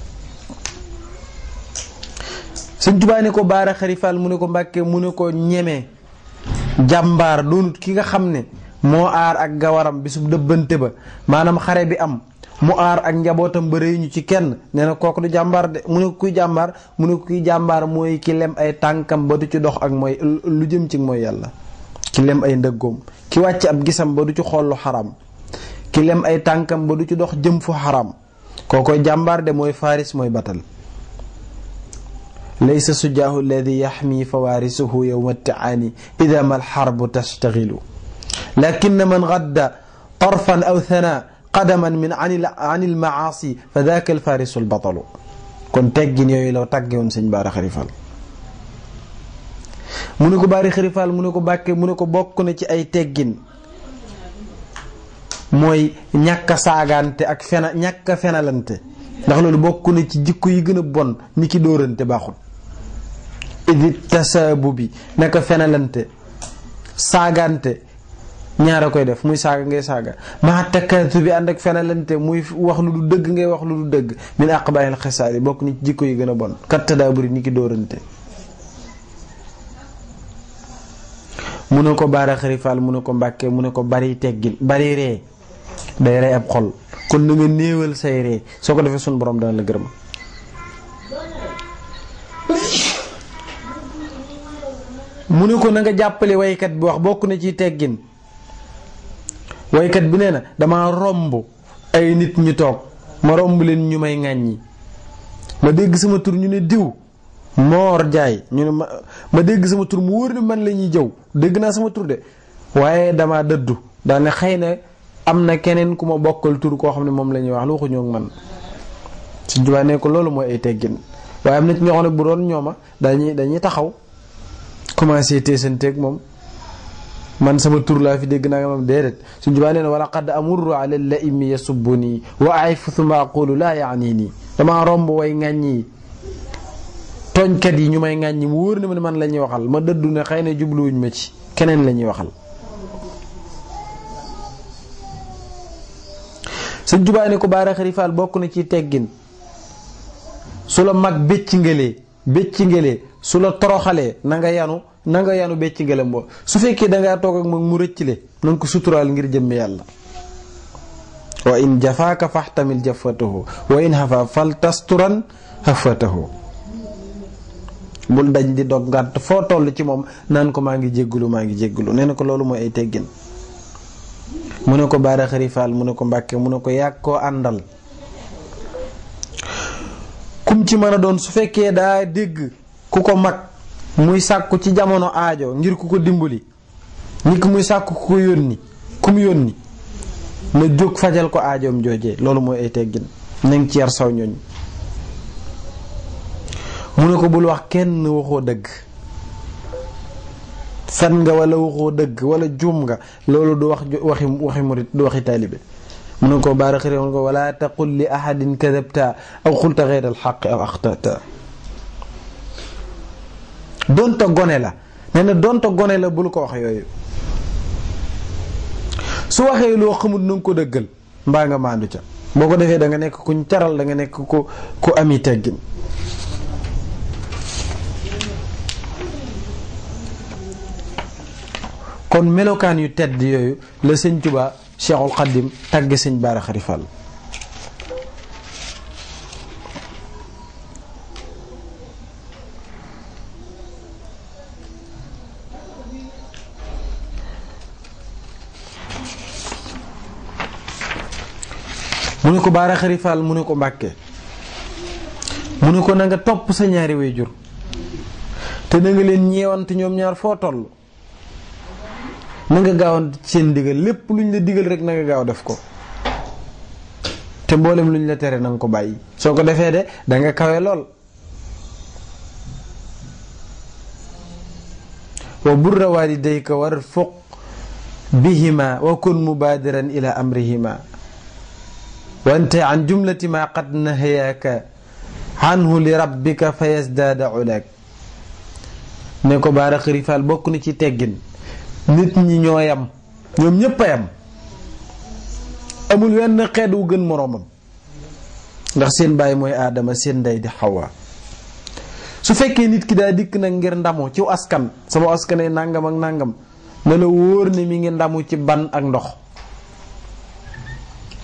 sëñ tuba ne ko baara xarifal mu ne ko mbàkke mu ne ko ñemee jàmbaar doonut ki nga xam ne moo aar ak gawaram bisub dëbbante ba maanaam xare bi am mu aar ak njabootam ba réy ñu ci kenn nee na kooku du jàmbaar de mu ne kuy jàmbaar mu ne kuy jàmbaar mooy ki lem ay tànkam ba du ci dox ak mooy lu jëm ci mooy yàlla ki lem ay ndëggoom ki wàcc ab gisam ba du ci xool lu xaram ki lem ay tànkam ba du ci dox jëm fu xaram kookoy jàmbaar de mooy faris mooy batal laysa sujaahu alladi yaxmi fawaarisuhu yowma tacaani ida ma alxarbu tastaxilu lakina man gadda tarfan aw thana qadaman min an kon teggin yooyu la tàggewoon sëñ Baara Xari Fall mu ne ko bari Xari mu ne ko bàkke mu ne ko bokk na ci ay teggin mooy ñàkk saagaante ak fena ñàkk ndax loolu bokk na ci jikko yi gën a bon ni ki dóorante baaxut idi tasaabu bi naka fenalante saagante ñaara koy def muy saaga ngay saaga maa takkaatu bi ànd ak fenalante muy wax lu du dëgg ngay wax lu du dëgg min aqbaahil xisaar yi bokk ni jikko yi gën a bon kat tadaaburi ni ki dóorante mu ne ko baara xarifaal mu ne ko mbàkke mu ne ko bari teggin bari ree day rey ab xol kon na nga néewal say ree soo ko defee suñu borom dana la gërëm mune ko na nga jàppale waykat bi wax bokku na ci teggin waykat bi nee dama rombu ay nit ñu tok ma rombu len ñu may ŋàññi ma dégg sama tur ñu ne diw mor jaay ñu ma ma dégg sama tur mu wër ni man la jëw dégg na sama tur de waye dama deddu da na am keneen kuma bokkal tur ko mom wax lu ko ñok man ci ne ko lolu moy ay teggin waye am nit ñoo xone bu doon ñoma dañuy dañuy taxaw commencé teesanteeg moom man sama tur laa fi dégg naa nga moom déedéet suñ jubaa nee na wala qad amurru ala laimi yasubuni wa aifu thumma aqulu laa yaanii nii damaa romb way ŋàññi tooñkat yi ñu may ŋàññi mu wóor na man la ñuy waxal ma dëddu ne xëy na jubluwuñ ma ci keneen la ñuy waxal suñ jubaa ne ko baara xarifaal bokk na ci teggin su la mag bécc ngëlee bécc ngëlee su la toroxalee na yanu na nga yanu becc ngelam boo su fekkee dangaa toog ak moom mu rëccile na ko suturaal ngir jëmm yàlla wa in jafaaka faxtamil jafatahu wa in xafa fal tasturan xafatahu bul dañ di dog ngàtt foo toll ci moom naan ko maa ngi jéggulu maa ngi jéggulu nee na ko loolu mooy ay teggin mu ne ko baara xarifaal mu ne ko mbàkke mu ne ko yàgg koo àndal kum ci mën a doon su fekkee daa dégg ku ko mag muy sàkku ci jamono aajo ngir ku ko dimbali nit ki muy sàkku ku ko yónni ku mu yónni na jóg fajal ko aajoom joojee loolu mooy ay teggin nañ ci yar saw ñooñu mu ne ko bul wax kenn waxoo dëgg fen nga wala waxoo dëgg wala juum nga loolu du wax waxi waxi murit du waxi taalibe mu ne ko baara xëre ko wala taqul li ahadin kadabta aw xulta xeyra alxaqi aw axtata donta gone la nee na donta gone la bu bul ko wax yooyu su waxee loo xamul na nga ko dëggal mbaa nga maandu ca boo ko defee da nga nekk kuñ taral da nga nekk ku ku ami teggin kon melokaan yu tedd yooyu la sëñ Tuubaa Cheikhul Xaddim tàgge sëñ Baara Xarifal muniko bara kharifal muniko xari muniko nangga na nga top sa ñaari wayjur te na nga leen ñeewante ñom ñaar fo toll na nga gaawant seen digal lepp luñ la digal rek na nga gaaw def ko te mbolem luñ la téré na nga ko bayyi soko defé dé da nga kawé lol wa burra walidayka fuq bihima wa kun mubadiran ila amrihima وانتهي عن جملة ما قد نهياك عنه لربك فيزداد عليك نكو بارك رفال بوكني تي تيغن نيت ني ñoo yam ñom ñepp yam amul wenn xéet wu gën moromam ndax seen bay moy adama seen ndey di hawa su fekke nit ki da dik nag ngir ndamu ci askan sama askane nangam ak nangam na la woor ni mi ngi ndamu ci ban ak ndox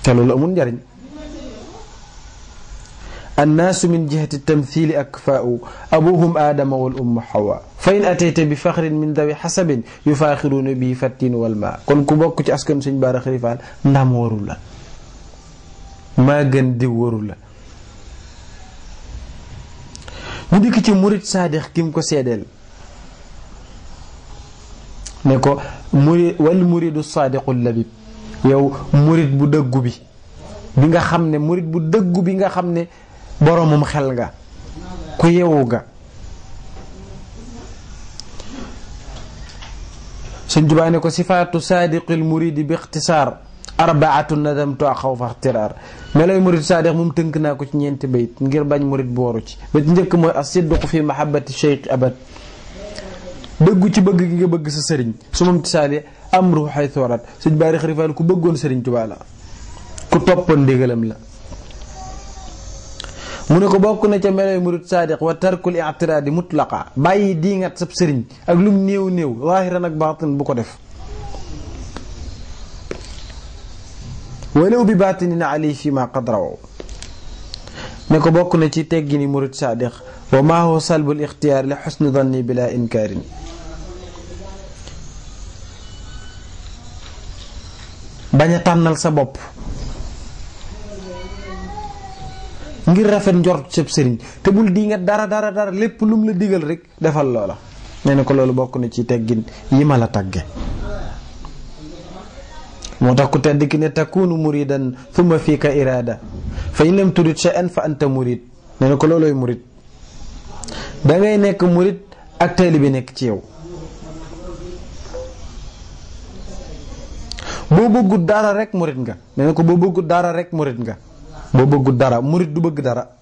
te lolu amul njariñ الناس من جهة التمثيل أكفاء أبوهم آدم والأم حواء فإن أتيت بفخر من ذوي حسب يفاخرون به فتين والماء كون كوبوك تي أسكن سيني بارا خريفال نام ورولا ما جن دي ورولا تي مريد صادق كيم كو سيدل نيكو مريد والمريد الصادق اللبيب يو مريد بو دغوبي بيغا خامني مريد بو دغوبي بيغا خامني boroomum xel nga ku yewu nga sëñ Tuubaa ne ko sifaatu saadiqil muridi bi ixtisaar arbaatu nadamtu xaw fa ixtiraar melooy murid saadiq moom tënk naa ko ci ñeenti bayit ngir bañ murid booru ci ba ci njëkk mooy asidduqu fi mahabbati cheikh abad dëggu ci bëgg gi nga bëgg sa sëriñ su moom tisaale am ruuxay tooraat sëñ baari xarifaan ku bëggoon sëriñ Tuubaa la ku toppoon ndigalam la mu ne ko bokk na ca meloy murid saadiq wa tarkul i'tiraadi mutlaqa bàyyi diingat sab sëriñ ak lum néew néew waahiran ak baatin bu ko def walaw bi baatinin ali fi ma qad rawaw ne ko bokk na ci teggini murid saadiq wa maa huwa salbul ixtiyaar li xusni danni bila inkaarin bañ a ngir rafet njort ci serigne te bul di nga dara dara dara lepulum lum la digal rek defal lola. neena ko lolu bokku ni ci teggin yi mala tagge motax kutendikin ku tedd ki ne takunu muridan thumma fika irada fa in lam turid shay'an fa anta murid neena ko murid da ngay nek murid ak teel bi ci yow bo dara rek murid nga neena ko bo dara rek murid nga boo bëggul dara murid du bëgg dara dafa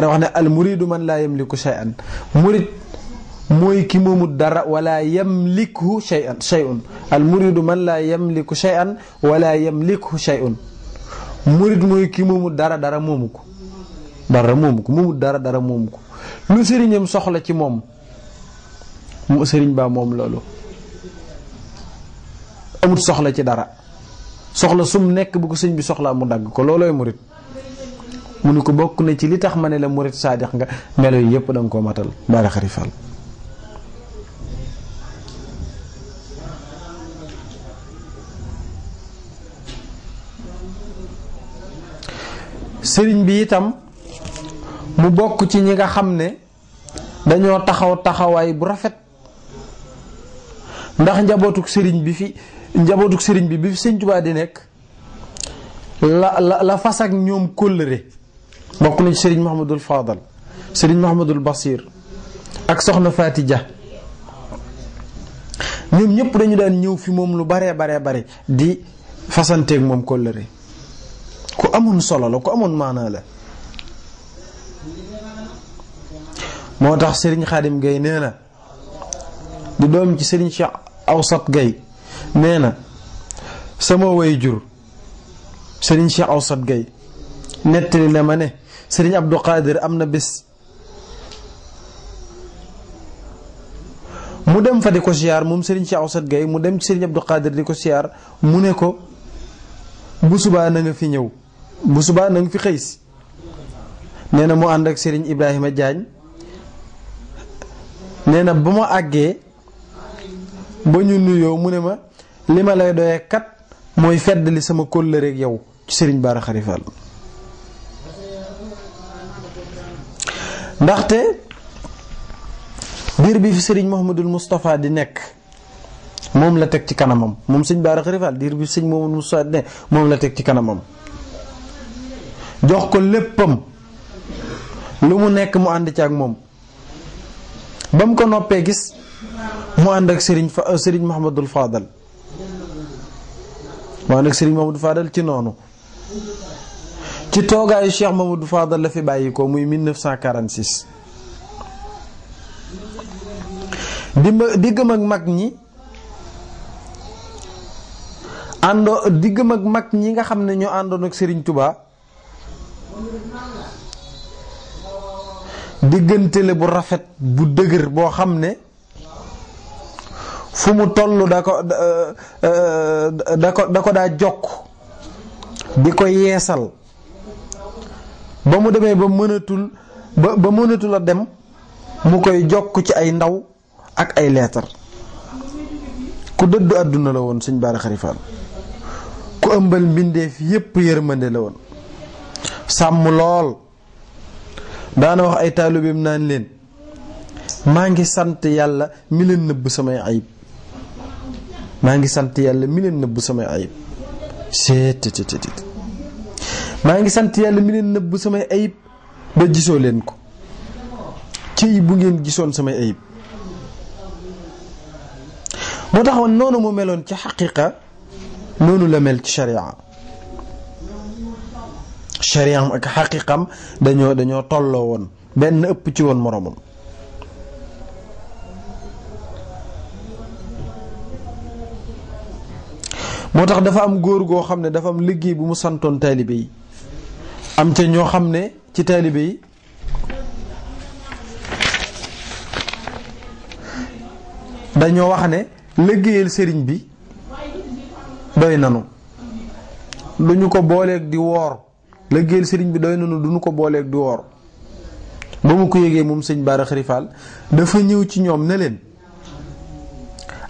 ne wax ne al muridu man laa yamliku shay'an murit mooy ki moomut dara wala yamlikhu shay'an shay'un al muridu man laa yamliku shay'an wala yamlikhu shay'un murid mooy ki moomut dara dara moomu ko dara moomu moomut dara dara moomu ko lu sëriñam soxla ci moom mu sëriñ baa moom loolu amut soxla ci dara soxla sum nek bu ko sëñ bi soxla mu dag ko loloy murid mu bok ko na ci li tax ma la nga melo yi yépp da matal baara xarifal sëriñ bi itam mu bok ci ñi nga xam dañoo taxaw taxaway bu rafet ndax njabotuk sëriñ bi fi njabootu sëriñ bi bi fi sëñ Tuubaa di nekk la la la fas ak ñoom kóllëre bokk na ci sëriñ Mahamadul Fadal sëriñ Mahamadul Basir ak soxna Faati Ja ñoom ñëpp dañu daan ñëw fi moom lu baree baree bare di fasanteeg moom kóllëre ku amoon solo la ku amoon maanaa la moo tax sëriñ Xaadim Gay nee na di doom ci sëriñ Cheikh Awsat Gay nee na sama wayjur sëriñ Cheikh Awsat Gaye nettali na ma ne sëriñ Abdou Qadir am na bés mu dem fa di ko siyaar moom sëriñ Cheikh Awsat Gaye mu dem sëriñ Abdou Qadir di ko siyaar mu ne ko busubaa subaa na nga fi ñëw bu subaa na nga fi xëy si nee na mu ànd ak sëriñ Ibrahima Diagne nee na bu ma àggee ba ñu nuyoo mu ne ma li ma lay doyee kat mooy feddali sama kóllëre yow ci Serigne Bara ndaxte biir bi fi Serigne Mouhamadul Moustapha di nekk moom la teg ci kanamam moom Serigne Bara Khary Fall biir bi Serigne Mouhamadul Moustapha di nekk moom la teg ci kanamam jox ko léppam lu mu nekk mu ànd ci ak moom ba mu ko noppee gis. mo and ak Serigne euh, Serigne Mouhamadul Fadal mo and ak Serigne Mouhamadul Fadal ci noonu ci toogaayu Cheikh Mouhamadul Fadal la fi bayiko muy 1946 digam ak mag ñi ando digam ak mag ñi nga xamne ño andon ak Serigne Touba diggante bu rafet bu bo xamne fu mu tollu eh, eh, da ko da ko da daa jokk di ko yeesal ba mu demee ba mënatul ba ba mënatul a dem mu koy jokk ci ay ndaw ak ay leetar ku dëddu àdduna la woon sëñ Bara Xari Fall ku ëmbal mbindeef yépp yërmande la woon sàmm lool daana wax ay taalibeem naan leen maa ngi sant yàlla mi leen nëbb samay ayib maa ngi sant yàlla mi leen nëbbu samay ayib maa ngi sant yàlla mi leen nëbbu samay ayib ba gisoo leen ko ci bu ngeen gisoon samay ayib moo tax woon noonu mu meloon ci xaqiqa noonu la mel ci sharia shariam ak xaqiqam dañoo dañoo tolloo woon benn ëpp ci woon moromam moo tax dafa am góor goo xam ne dafa am liggéey bu mu santoon taalibe yi am ca ñoo xam ne ci taalibe yi dañoo wax ne liggéeyal sëriñ bi doy nanu lu ñu ko booleeg di woor liggéeyal sëriñ bi doy nanu du ñu ko booleeg di woor ba mu ko yégee moom sëñ Bara Xari dafa ñëw ci ñoom ne leen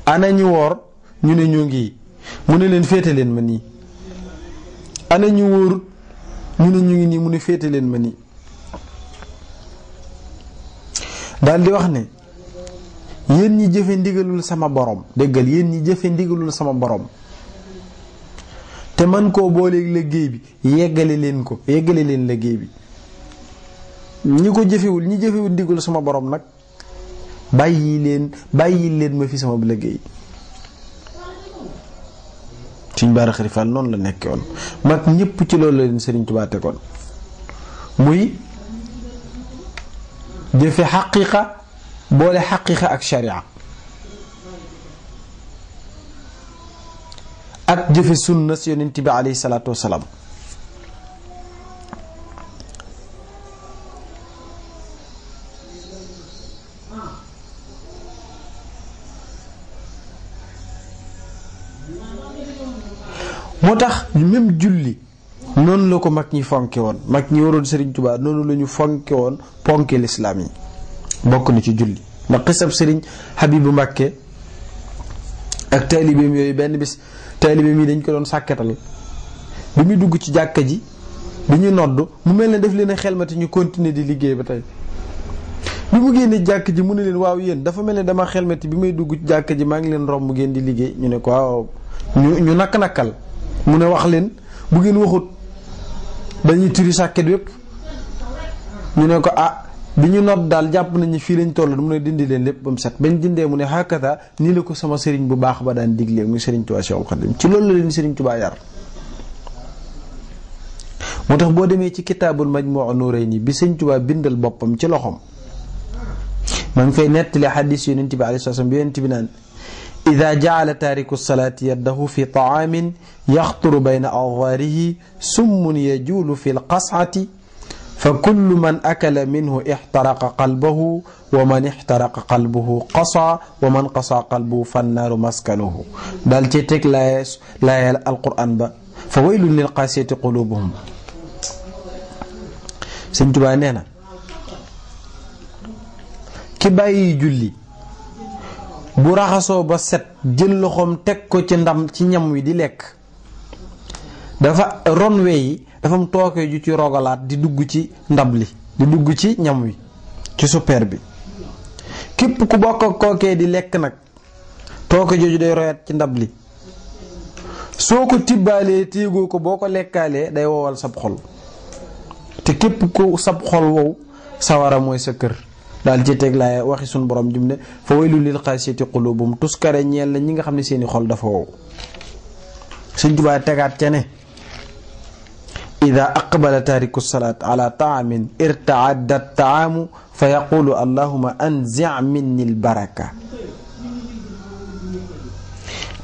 ana ñu woor ñu ne ñu ngi mu ne leen féete leen ma nii ana ñu wóorut mu ne ñu ngi nii mu ne féete leen ma nii daldi wax ne yéen ñi jëfe ndigalul sama borom déggal yéen ñi jëfe ndigalul sama borom te man koo booleeg liggéey bi yeggale leen ko yeggale leen liggéey bi ñi ko jëfewul ñi jëfewul ndigalul sama boroom nag bàyyi leen bàyyi leen ma fi sama liggéey سيني بارا خريفة نون لنكيون ماك نيب تلو لين سرين تبا تكون موي دفي حقيقة بولي حقيقة اك شريعة اك سنة سيون انتبه عليه الصلاة والسلام même julli noonu la ko mag ñi fonke woon mag ñi waroon sëriñ Touba noonu la ñu fonke woon ponke lislaam yi bokk na ci julli ndax xisab Serigne Habibu Mbàkke ak taalibeem yooyu benn bis taalibeem yi dañ ko doon sàkkatal bi muy dugg ci jàkka ji bi ñu nodd mu mel ne def leen a xelmati ñu continuer di liggéey ba tey bi mu génne jàkk ji mu ne leen waaw yéen dafa mel ne dama xelmati bi may dugg ci ji maa ngi leen romb ngeen di liggéey ñu ne ko waaw ñu ñu nakk-nakkal mu ne wax leen bu ngeen waxut dañuy turi sàkket yépp ñu ne ko ah bi ñu nodd daal jàpp nañu fii lañ toll mu ne dindi leen lépp ba mu set bañ dindee mu ne hakata nii la ko sama sëriñ bu baax ba daan diglee muy sëriñ Tuubaa Seexul Xadiim ci loolu la leen sëriñ Tuubaa yar moo tax boo demee ci kitaabul Majmuun Nuurayni bi sëriñ Tuubaa bindal boppam ci loxoom maa ngi fay nettali xadiis yonent bi alayhi salaam bi yonent bi naan إذا جعل تارك الصلاة يده في طعام يخطر بين أظهاره سم يجول في القصعة فكل من أكل منه احترق قلبه ومن احترق قلبه قصى ومن قصى قلبه فالنار مسكنه بل تيتك لا لا القرآن فويل للقاسية قلوبهم سنتبانينا كباي جلي bu raxasoo ba set jël loxoom teg ko ci ndam ci ñam wi di lekk dafa ronwe yi dafa am tooke ju ci rogalaat di dugg ci ndab li di dugg ci ñam wi ci super bi képp ku bokk ak kookee di lekk nag tooke jooju day royat ci ndab li soo ko tibbaalee téegoo ko boo ko lekkaalee day wowal sab xol te képp ku sab xol wow sawara mooy sa kër daal ci teg laay waxi sunu borom jum ne fa waylu lil qaasiyati quluubum tuskare ñeel la ñi nga xam ne seeni xol dafa wow suñ tubaay tegaat ca ne ida aqbala taariku salaat ala taamin irtaadda taamu fa yaqulu allahuma anzi albaraka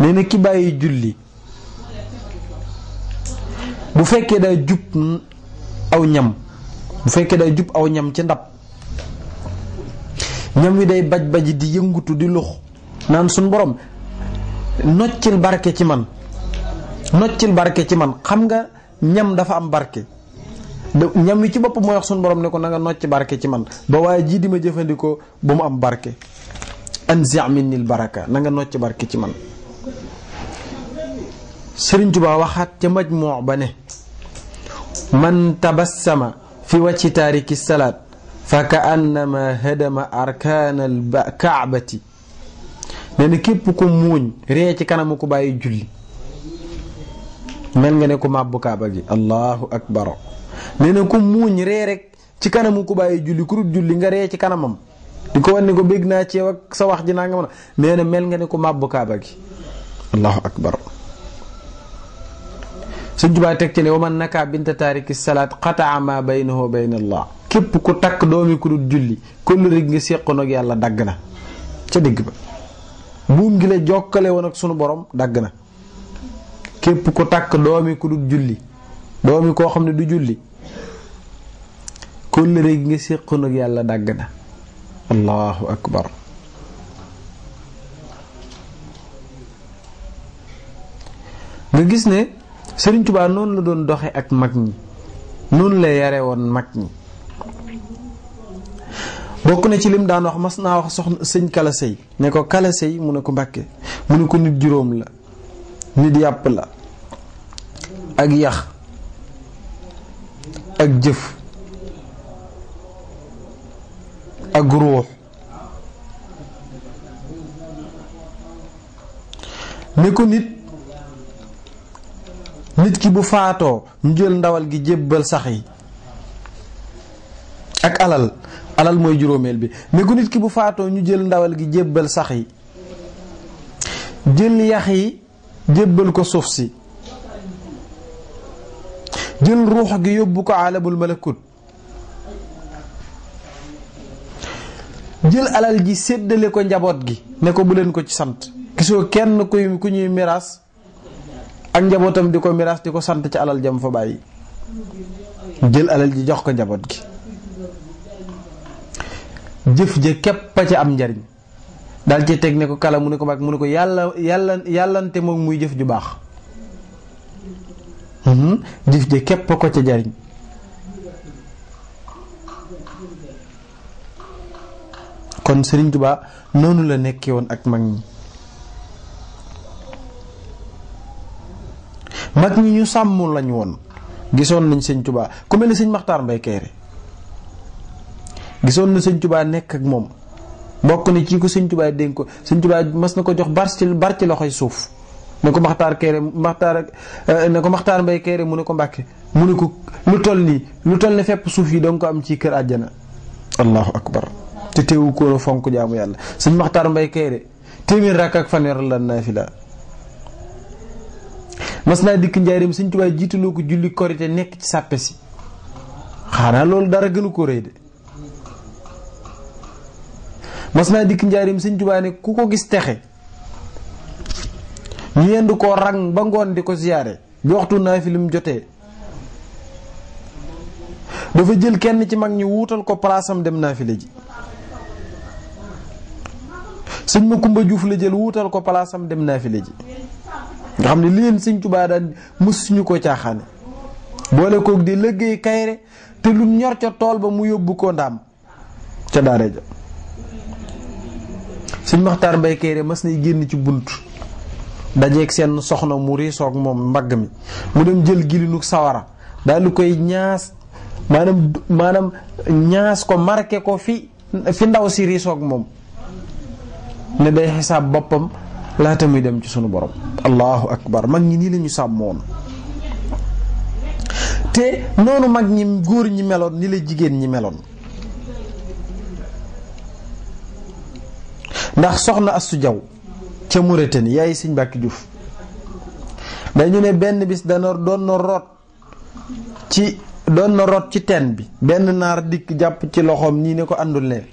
nee na ki bàyyi julli bu fekkee daa jub aw ñam bu fekkee day jub aw ñam ca ndab ñam wi day baj baj di yëngutu di lux naan sun borom noccil barke ci man noccil barke ci man xam nga ñam dafa am barke ñam wi ci bop moy wax sun borom ne ko nga nocc barke ci man ba way ji di ma jëfëndiko bu mu am barke anzi minni al baraka na nga nocc barke ci man serigne touba waxat ci majmu' bané man tabassama fi wajhi tariki salat fa ka annama hadama arkaanal kaabati nee képp ku muuñ ree ci kanamu ku bàyyi julli mel nga ne ku màbbu kaaba gi allahu akbar nee na ku muuñ ree rek ci kanamu ku bàyyi julli ku dul julli nga ree ci kanamam di ko wan ne ko bégg naa ci ak sa wax ji naa nga mën a mel nga ne ku màbbu kaaba gi allahu akbar suñ jubaa teg ci ne man naka binta taariki salaat qataa ma baynahu bayna allah képp ku takk doomi ku dul julli këll rek nga seqoon ak yàlla dagg na ca ba buum gi la jokkale won ak sunu borom dagg na képp ku takk doomi ku dul julli doomi koo xam ne du julli këll rek nga seqoon ak yàlla dagg allahu akbar nga gis ne serigne touba noonu la doon doxe ak mag ñi noonu la yare woon mag bokk na ci lim daan wax mas naa wax soxna sëñ kala sëy ne ko kala sëy mu ne ko mbàkke mu ne ko nit juróom la nit yàpp la ak yax ak jëf ak ruux ne ko nit nit ki bu faatoo ñu ndawal gi jébbal sax yi ak alal alal moy juromel bi mais ku nit ki bu faato ñu jël ndawal gi jébal sax yi jël yahi jébal ko suuf si jël ruh gi yobbu ko alabul malakut jël alal ji seddelé ko njabot gi ne ko bu len ko ci sante kiso kenn kuy ku ñuy mirage ak njabotam di ko diko di ci alal jam fa bayyi jël alal ji jox ko njabot gi jëf ja képp ca am njariñ daal ci teg ne ko kala mu ne ko mag mu ne ko yàlla yàlla yàllante moom muy jëf ju baax mhm. jëf ja képp ko ca jariñ kon Sëriñ Tuubaa noonu la nekkee woon ak mag ñi mag ñi ñu sàmm lañu woon gisoon nañ Sëriñ Tuubaa ku mel ne Sëriñ Maxtaar Mbay Kayre gisoon na sëñ nekk ak moom bokk na ci ko sëñ Tuubaa dénk ko sëñ mas na ko jox bar ci bar ci loxoy suuf ne ko maxtaar kayre maxtaar eh, ne ko maxtaar mbay kayre mu ne ko mbàkke mu ne ko lu toll nii lu toll ne fepp suuf yi danga ko am ci kër àjjana allahu akbar te teewu ko a fonk jaamu yàlla sëñ maxtaar mbay kayre téeméer rakk ak fanweer la naafila mas naa dikk njaarim sëñ Tuubaa jiitaloo ko julli korite nekk ci sàppe si xanaa loolu dara gënu ko rëy mas naa dikk njaarim sëñ Tuubaa ne ku ko gis texe ñu yendu koo rang ba ngoon di ko siyaare bi waxtu naa fi lim jotee dafa jël kenn ci mag ñi wuutal ko palaasam dem naa fi la ji sëñ juuf la jël wuutal ko palaasam dem naa fi la nga xam ne li leen sëñ Tuubaa daan mësuñu ko caaxaane boole koog di liggéey kayre te lu ñor ca tool ba mu yóbbu ko ndaam ca daara ja sëñ Maxtaar Mbay Kayre mas nay génn ci bunt dajeeg seen soxna mu riisoog moom mbagg mi mu dem jël gilinuk sawara daal di koy ñaas maanaam maanaam ñaas ko marke ko fi fi ndaw si riisoog moom ne day xisaab boppam laata muy dem ci sunu borom allahu akbar mag ñi nii la ñu sàmmoon te noonu mag ñi góor ñi meloon ni la jigéen ñi meloon ndax soxna astu jaw ca muritani yaay siñ diouf day ñu ne benn bis nor doon no rot, ci doon no rot ci ten bi benn nar dik japp ci loxom ne ko andul leen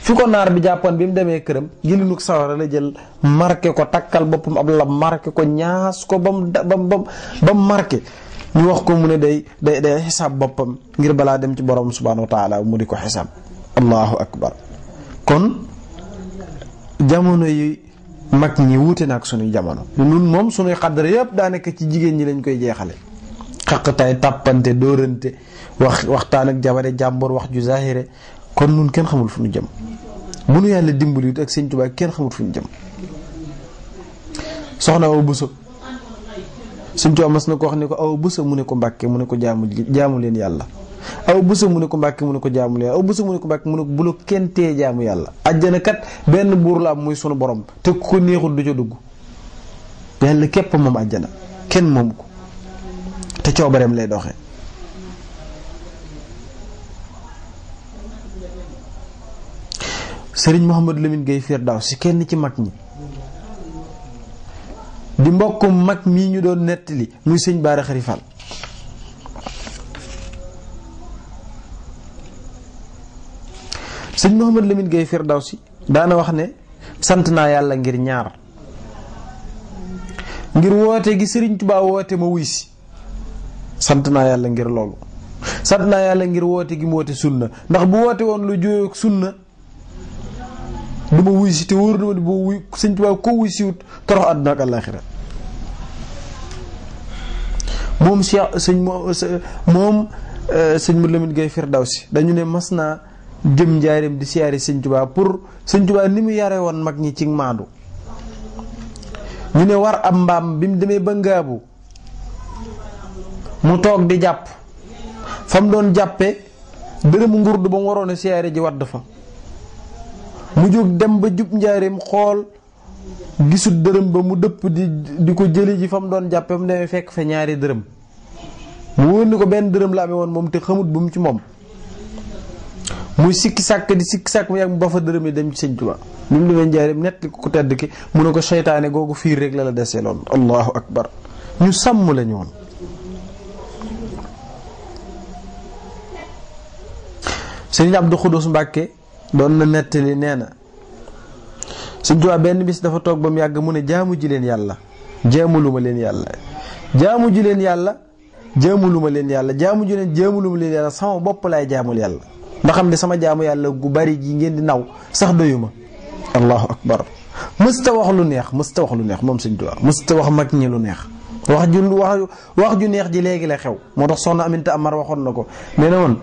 fi ko nar bi jàppoon bi mu demee këram nuk sawara la jël marqué ko takkal bopum ab la marqué ko ñaas ko bam bam bam mu marqué ñu wax ko mu ne day day day xisaab bopum ngir bala dem ci borom subhanahu wa taala mu di ko hisab allahu akbar kon jamono yi mag ñi wuute na ak sunuy jamono ñun moom sunuy xadara yëpp daanaka ci jigéen ñi lañ koy jeexale xaqtaay tàppante dóorante wax waxtaan ak jabare jàmboor wax ju zahire kon nun kenn xamul fu ñu jëm bu nu yàlla dimbaliwut ak sëñ Tuubaa kenn xamul fu ñu jëm soxna aw buso sëñ Tuubaa mas na ko wax ne ko aw buso mu ne ko mbàkke mu ne ko jaamu jaamu leen yàlla aw busa mu ne ko mbàkke mu ne ko jaamul yàlla aw busa mu ne ko mbàkke mu ne ko bu kenn tee jaamu yàlla ajjana benn buur la am muy sunu borom te ku ko neexul du ca dugg benn képp moom ajjana kenn moom ko te coobareem lay doxe sëriñ Mouhamadou Lamine Gueye Firdawsi kenn ci mag ñi di mbokkum mag mii ñu doon nettali muy sëñ Baara Xarifal sëñ Mouhamad Lamine Gueye Firdawsi daana wax ne sant na yalla ngir ñaar ngir wote gi serigne touba wote ma wuy ci sant na yalla ngir lolu sant na yalla ngir wote gi mu sunna ndax bu wote won lu ak sunna du ma wuy si te wóor do bo wuy serigne touba ko wuy ci wut torox àdduna ak àllaaxira mom Cheikh sëñ moom euh, sëñ Mouhamad Lamine dañu ne masna jëm njaareem di siyaari sëñ pour sëñ ni mu yare woon mag ñi ci maandu ñu ne war ab mbaam bi mu demee ba ngaabu mu toog di jàpp fa mu doon jàppe dërëmu ngurdu ba mu waroon a siyaare ji wadd fa mu jóg dem ba jub njaareem xool gisut dërëm ba mu dëpp di di ko jëli ji fa mu doon jàppe mu demee fekk fa ñaari dërëm mu wóor ni ko benn dërëm la amee woon moom te xamut bu mu ci moom muy sikki sàkk di sikki sàkk mu yàgg ba fa dërëm yi dem ci sëñ Tuubaa mu mu demee njaareem nett ku tedd ki mu ne ko seytaane googu fii rek la la desee loon allahu akbar ñu sàmm la ñu woon sëñ Abdu Xudus Mbàkke doon na nettali nee na sëñ Tuubaa benn bis dafa toog ba mu yàgg mu ne jaamu ji leen yàlla jaamulu ma leen yàlla jaamu ji leen yàlla jaamulu ma leen yàlla jaamu ji leen jaamulu ma leen yàlla sama bopp laay jaamul yàlla ba xam sama jaamu yàlla gu bari gi ngeen di naw sax doyuma allahu akbar mësta wax lu neex mësta wax lu neex moom sëñ Tuubaa mësta wax mag lu neex wax ju wax wax ju neex ji léegi la xew moo tax soxna Aminta Amar waxoon na ko nee na woon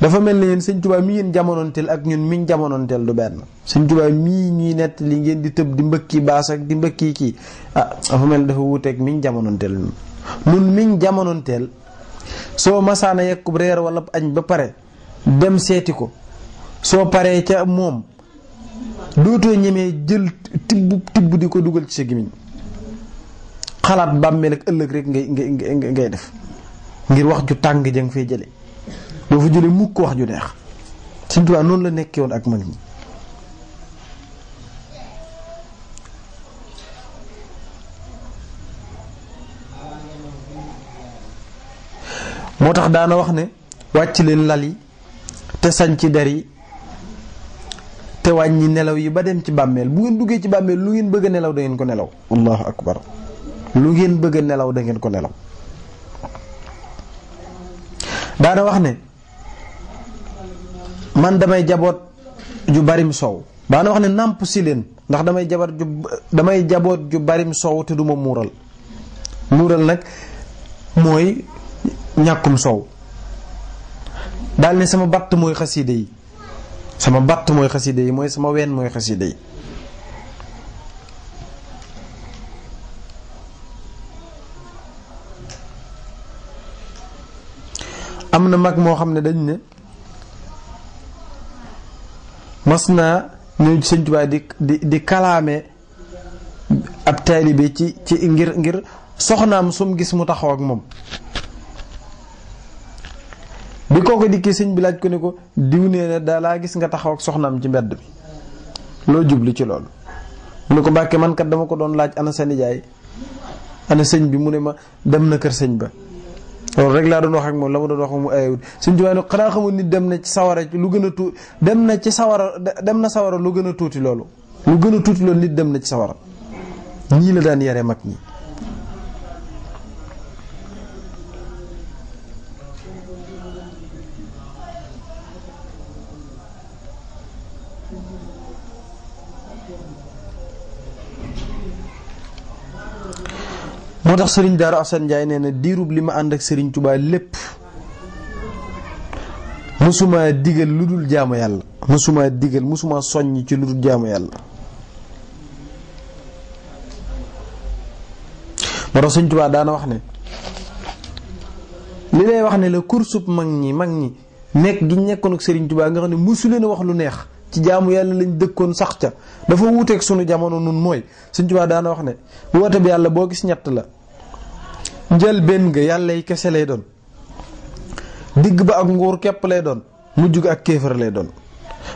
dafa mel ne yéen sëñ mi ngeen jamonoonteel ak ñun miñ jamonoonteel du benn sëñ Tuubaa mii ñuy nett li ngeen di tëb di mbëkki baas ak di mbëkki kii ah dafa mel dafa wuuteeg miñ jamonoonteel nun miñ jamonoonteel soo masaana yekkub reer wala añ ba pare dem seeti ko soo paree ca moom dootoo ñemee jël tibb tibb di ko dugal ci sa gémmiñ xalaat bàmmeel ak ëllëg rek ngay ngay ngay def ngir wax ju tàng jang fee jële doo fa jële mukk wax ju neex Sëñ Tuubaa noonu la nekkee woon ak mag ñi moo tax daana wax ne wàcc leen lal yi te sañ ci der yi te wàññi nelaw yi ba dem ci bàmmeel bu ngeen duggee ci bàmmeel lu ngeen bëgg nelaw da ngeen ko nelaw allahu akbar lu ngeen bëgg nelaw da ngeen ko nelaw daana wax ne man damay jaboot ju barim soow daana wax ne nàmp si leen ndax damay jabar damay jaboot ju barim soow te duma muural muural nag mooy ñàkkum soow daal ne sama batt mooy xasida yi sama batt mooy xasida yi mooy sama ween mooy xasida yi am na mag moo xam ne dañ ne mas naa ñëw ci di di di kalaame ab taalibe ci ci ngir ngir soxnaam sum gis mu taxaw ak moom bi kooku dikkee sëñ bi laaj ko ne ko diw nee na daa laa gis nga taxaw ak soxnaam ci mbedd bi loo jubli ci loolu mu ne ko Mbàkke mankat dama ko doon laaj ana sa nijaay ana sëñ bi mu ne ma dem na kër sëñ ba loolu rek laa doon wax ak moom la ma doon wax mu ayewut sëñ bi xanaa xamul nit dem na ci sawara lu gën a tuuti dem na ci sawara dem na sawara lu gën a tuuti loolu lu gën a tuuti loolu nit dem na ci sawara ñii la daan yare mag ñi moo tax sëriñ Darou Assane Ndiaye nee na diirub li ma ànd ak Serigne Touba lépp mësuma digal lu dul jaamu yàlla musuma digal musuma soññ ci lu dul jaamu yàlla. moo tax Serigne Touba daana wax ne li lay wax ne la kursub mag ñi mag ñi nekk gi nekkoon ak Serigne Touba nga xam ne musu leen wax lu neex. ci jaamu yàlla lañ dëkkoon sax ca dafa wuuteeg sunu jamono nun mooy Sëñ Tuubaa daana wax ne woote bi yàlla boo gis ñett la njëlbéen nga yàlla yi kese lay doon digg ba ak nguur képp lay doon mujj ga ak kéefar lay doon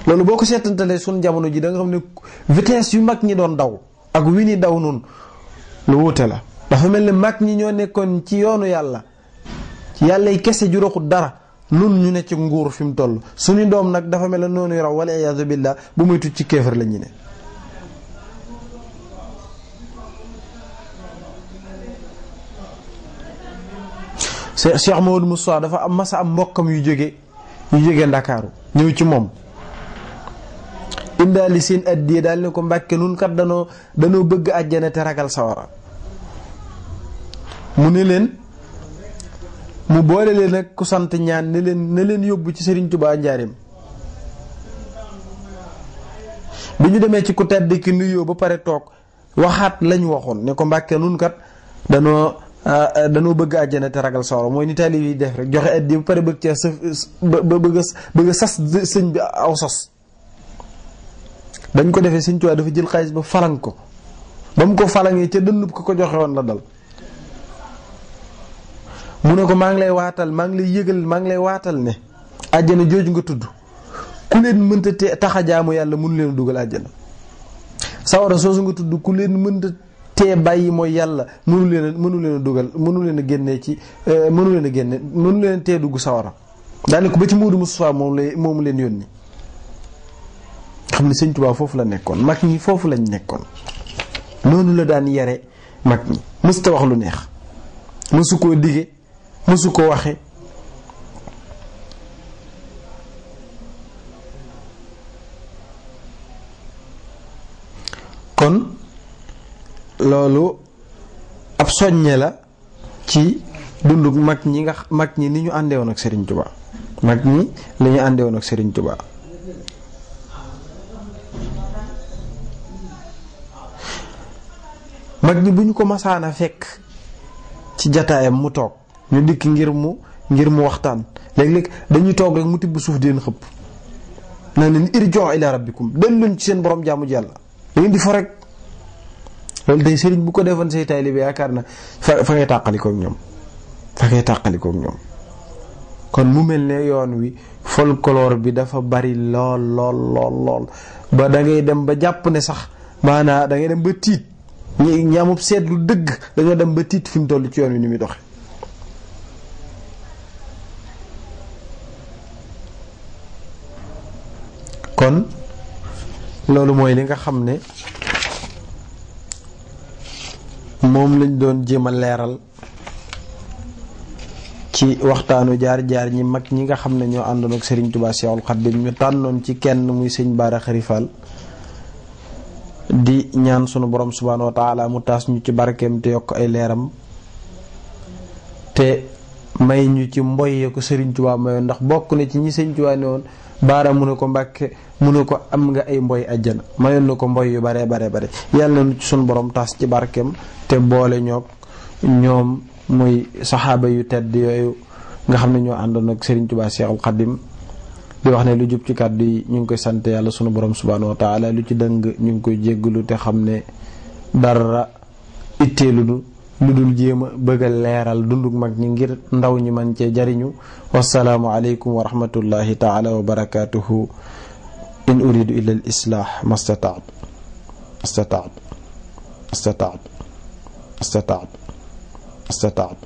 loolu boo ko seetantalee sunu jamono ji danga nga xam ne vitesse yu mag ñi doon daw ak wi daw nun lu wuute la dafa mel ni mag ñi ñoo nekkoon ci yoonu yàlla yàlla yi kese ju dara nun ñu ne ci nguur fi mu toll suñu doom nag dafa mel na noonu raw wala iyaazu billah bu muy tudd ci kéefar la ñu ne. Cheikh Cheikh Maodo Moussa dafa am masa am mbokkam yu jóge yu jóge Ndakaaru ñëw ci moom. indaali seen addiye daal ne ko mbàkke nun kat danoo bëgg àjjana te ragal sawara mu ne leen. mu boole leen ak ku sant ñaan ne leen ne leen yóbbu ci Serigne Touba Njaareem bi ñu demee ci ku tedd ki nuyoo ba pare toog waxaat lañu waxoon ne ko Mbàkke nun kat danoo ah, ah, danoo bëgg àjjana te ragal sawara mooy ni taalib yi def rek joxe addi ba pare bëgg cee sa bëgg bëgg sas sëñ bi aw sas dañ ko defee Sëñ Tuubaa dafa jël xaalis ba falang ko ba mu ko falangee ca dënnub ko ko joxewoon la dal mu ne ko maa ngi lay waatal maa ngi lay yëgal maa ngi lay waatal ne àjjana jooju nga tudd ku leen mënta te tax a jaamu yàlla mënu leen dugal àjjana sawara soosu nga tudd ku leen mënta tee bàyyi mooy yàlla mënu leen mënu leen a dugal mënu leen a génnee ci eh, mënu leen a génne mënu leen tee dugg sawara daane ko ba ci Muudu Mustafaa moom la moom leen yónni xam ne Sëñ Tuubaa foofu la nekkoon mag ñi foofu lañ nekkoon noonu la daan yare mag ñi mësta wax lu neex mësu koo dige Musuku waxe kon lolu ab soññe la ci dunduk mag ñi nga mag ñi ni ñu won ak Serigne Touba mag ñi la ñu won ak Serigne Touba mag ñi buñ ko fekk ci mu tok ñu dik ngir mu ngir mu waxtaan leg leg dañuy tok rek mu tibb suuf di xep nan len irjo ila rabbikum luñ ci seen borom jaamu jalla yàlla da di rek lol day serigne bu ko defon sey taalibe yakarna fa ngay takali ko ñom fa ngay takali ko ñom kon mu melne yoon wi folklore bi dafa bari lol lol lol lol ba da ngay dem ba japp ne sax mana da ngay dem ba tit ñi sét lu dëgg da nga dem ba tit fim tollu ci yoon wi ni mi doxé kon loolu mooy li nga xam ne moom lañ doon jéem a leeral ci waxtaanu jaar-jaar ñi mag ñi nga xam ne ñoo àndoon ak Serigne Touba Cheikhoul Khadim ñu tànnoon ci kenn muy sëñ Bara Khary di ñaan sunu borom subhaanahu wa mu taas ñu ci barkeem te yokk ay leeram te may ñu ci mboyee sëriñ Serigne Touba mayoon ndax bokk na ci ñi Serigne Touba ne woon baara mu ne ko mbàkke mu ne ko am nga ay mboy ajjana mayoon na ko mboy yu bare bare bare yàlla nu ci sunu borom taas ci barkeem te boole ñoog ñoom muy saxaaba yu tedd yooyu nga xam ne ñoo àndoon ak Serigne Touba Cheikhul Khadim di wax ne lu jub ci kàddu yi ñu ngi koy sant yàlla suñu borom subhaanahu wa taala lu ci dëng ñu ngi koy jéggalu te xam ne dara itteelunu lu dul jéem a bëgg leeral dundug mag ñi ngir ndaw ñi man cee jariñu wasalaamu aleykum wa rahmatullahi taala wa barakaatuhu in uridu illa al islaah mastataat mastataat mastataat mastataat mastataat